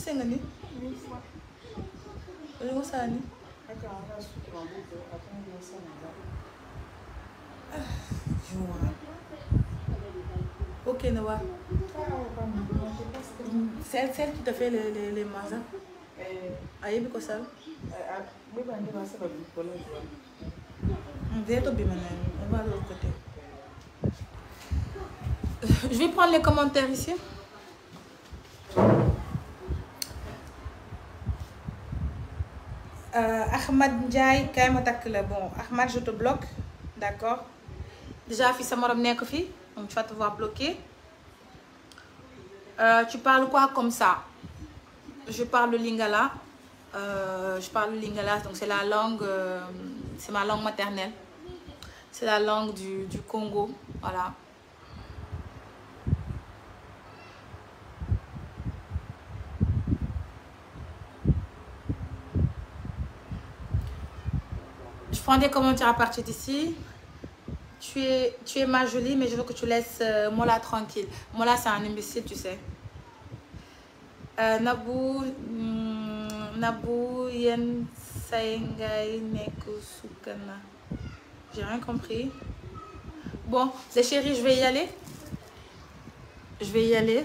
gis nga ni. yow saa Ok, Noah. Celle, celle qui te fait les, les, les mazas Aïe, ah, quoi ça On va de l'autre côté. Je vais prendre les commentaires ici. Euh, Ahmad Ndiaye, quand même, attaque là. Bon, Ahmad, je te bloque. déjà fii sa morom nekk fi donc tu vas te voir bloqué euh, tu parles quoi comme ça je parle lingala euh, je parle lingala donc c'est la langue euh, c'est ma langue maternelle c'est la langue du, Congo je prends des commentaires à partir d'ici tu es, tu es ma jolie, mais je veux que tu laisses euh, Mola tranquille. Mola, c'est un imbécile, tu sais. Euh, Nabou, mm, Nabou, Yen, Saengai, Neko, Sukana. J'ai rien compris. Bon, les chéris, je vais y aller. Je vais y aller.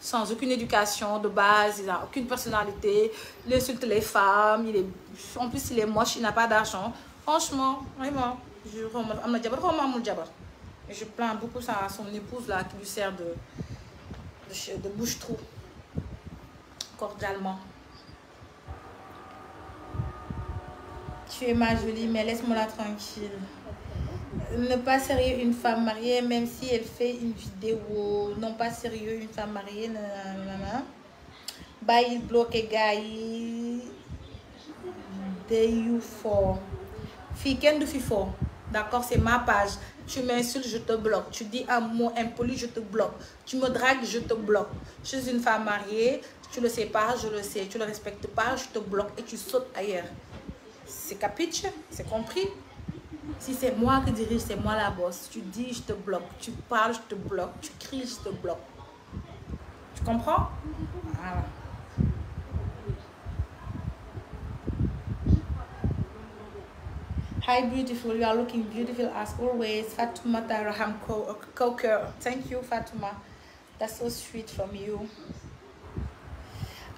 sans aucune éducation de base, il n'a aucune personnalité, il insulte les femmes, il est... en plus il est moche, il n'a pas d'argent. Franchement, vraiment, je Je plains beaucoup ça à son épouse là qui lui sert de, de, de bouche-trou, cordialement. Tu es ma jolie, mais laisse-moi la tranquille. ne pas sérieux une femme mariée, même si elle fait une vidéo, non pas sérieux une femme mariée, nanana. Bah, il bloque Gaï. They you for. Fille, quest D'accord, c'est ma page. Tu m'insultes, je te bloque. Tu dis un mot impoli, je te bloque. Tu me dragues, je te bloque. Je suis une femme mariée, tu le sais pas, je le sais. Tu le respectes pas, je te bloque et tu sautes ailleurs. C'est compris? Si c'est moi qui dirige, c'est moi la bosse. Tu dis, je te Tu parles, je te Tu cries, je te Tu comprends Voilà. Hi, beautiful. You are looking beautiful as always. Fatuma Taraham Coker. Thank you, Fatuma. That's so sweet from you.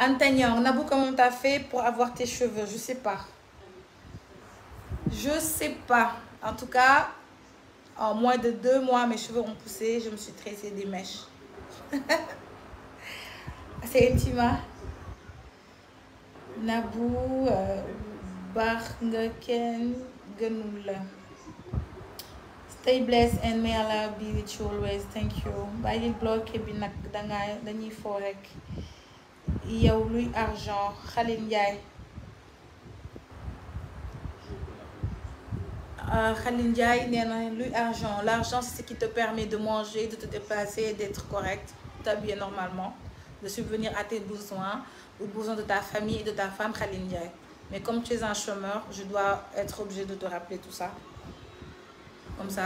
Antagnan, Nabou, comment t'as fait pour avoir tes cheveux Je sais pas. Je sais pas. En tout cas, en moins de deux mois, mes cheveux ont poussé. Je me suis tressé des mèches. C'est Intima. Nabou, euh, Barngeken, Genula. Stay blessed and may Allah be with you Thank you. bàyyil bloqué bi nag dangaa dañuy foo yow luy argent Khalil Ndiaye Euh, Khalil Ndiaye nee na luy argent l' argent c'est ce qui te permet de manger de te déplacer d' être correct t'habiller normalement de subvenir à tes besoins aux besoins de ta famille et de ta femme Khalil mais comme tu es un chômeur je dois être obligée de te rappeler tout ça comme ça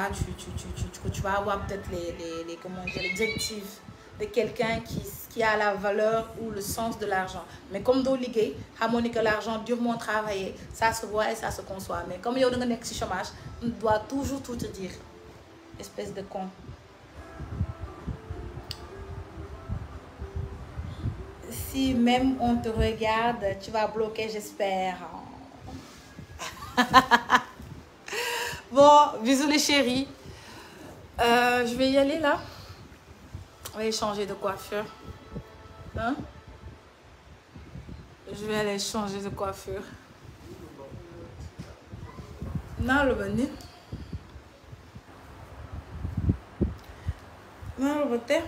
tu vas avoir peut-être les les de quelqu'un qui, a la valeur ou le sens de l'argent. Mais comme doo liggéey xamoon ni que l'argent durement travaillé ça se voit et ça se conçoit mais comme yow da nga nekk ci chômage on doit toujours tout te dire espèce de con. si même on te regarde tu vas bloquer j'espère. bon bisous les chéris euh, je vais y aller On va de coiffure. Hein? Je vais aller de coiffure. Non, le bonnet. Non, le bonnet.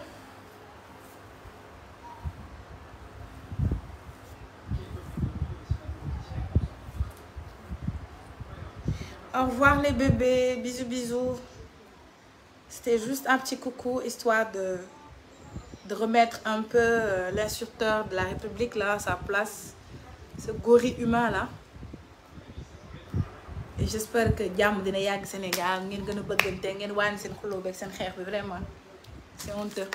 Au revoir les bébés, bisous bisous. C'était juste un petit coucou, de de remettre un peu euh, de la République là à sa place, ce gorille humain là. Et j'espère que jàmm dina yàgg Sénégal ngeen gën a bëggante ngeen wàññi seen xuloo beeg seen xeex bi vraiment c'est honteux.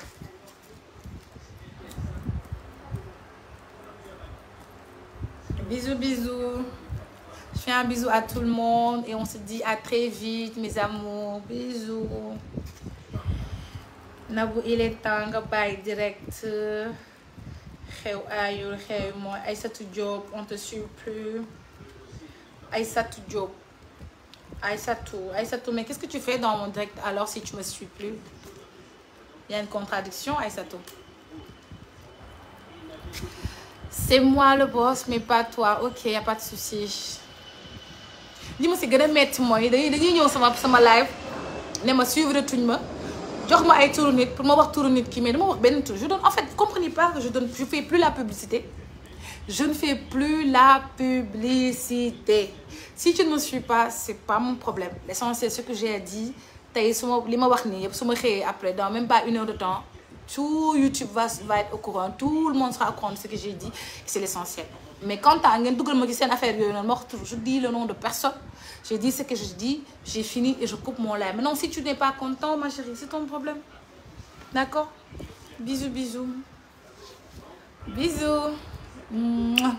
Bisous bisous. Je fais un bisou à tout le monde et on se dit à très vite mes amours. Bisous. Nabou il est temps nga bàyyi direct xew aayul xew mooy Aïssatou Diop on te suit plus Aïssatou ay Aïssatou Aïssatou mais qu'est-ce que tu fais dans mon direct alors si tu me suis plus il y a une contradiction Aïssatou c'est moi le boss mais pas toi ok y a pas de souci li ma si gën a metti mooy dañuy dañuy ñëw sama sama live ne ma suivre tuñ ma. jox ma ay turu nit pour ma wax turu nit ki mais dama wax benn tur je donne en fait vous comprenez pas que je donne je fais plus la publicité je ne fais plus la publicité si tu ne me suis pas c'est pas mon problème l'essentiel ce que j'ai dit tey su ma li ma wax nii yëpp su ma xëyee après dans même pas une heure de temps tout YouTube va va être au courant tout le monde sera au courant de ce que j'ai dit c'est l'essentiel mais quand ngeen dugal ma ci seen affaire yooyu noonu ma wax tur je dis le nom de personne J'ai dit ce que je dis, j'ai fini et je coupe mon live. Maintenant, si tu n'es pas content, ma chérie, c'est ton problème. D'accord Bisous, bisous. Bisous. Mouah.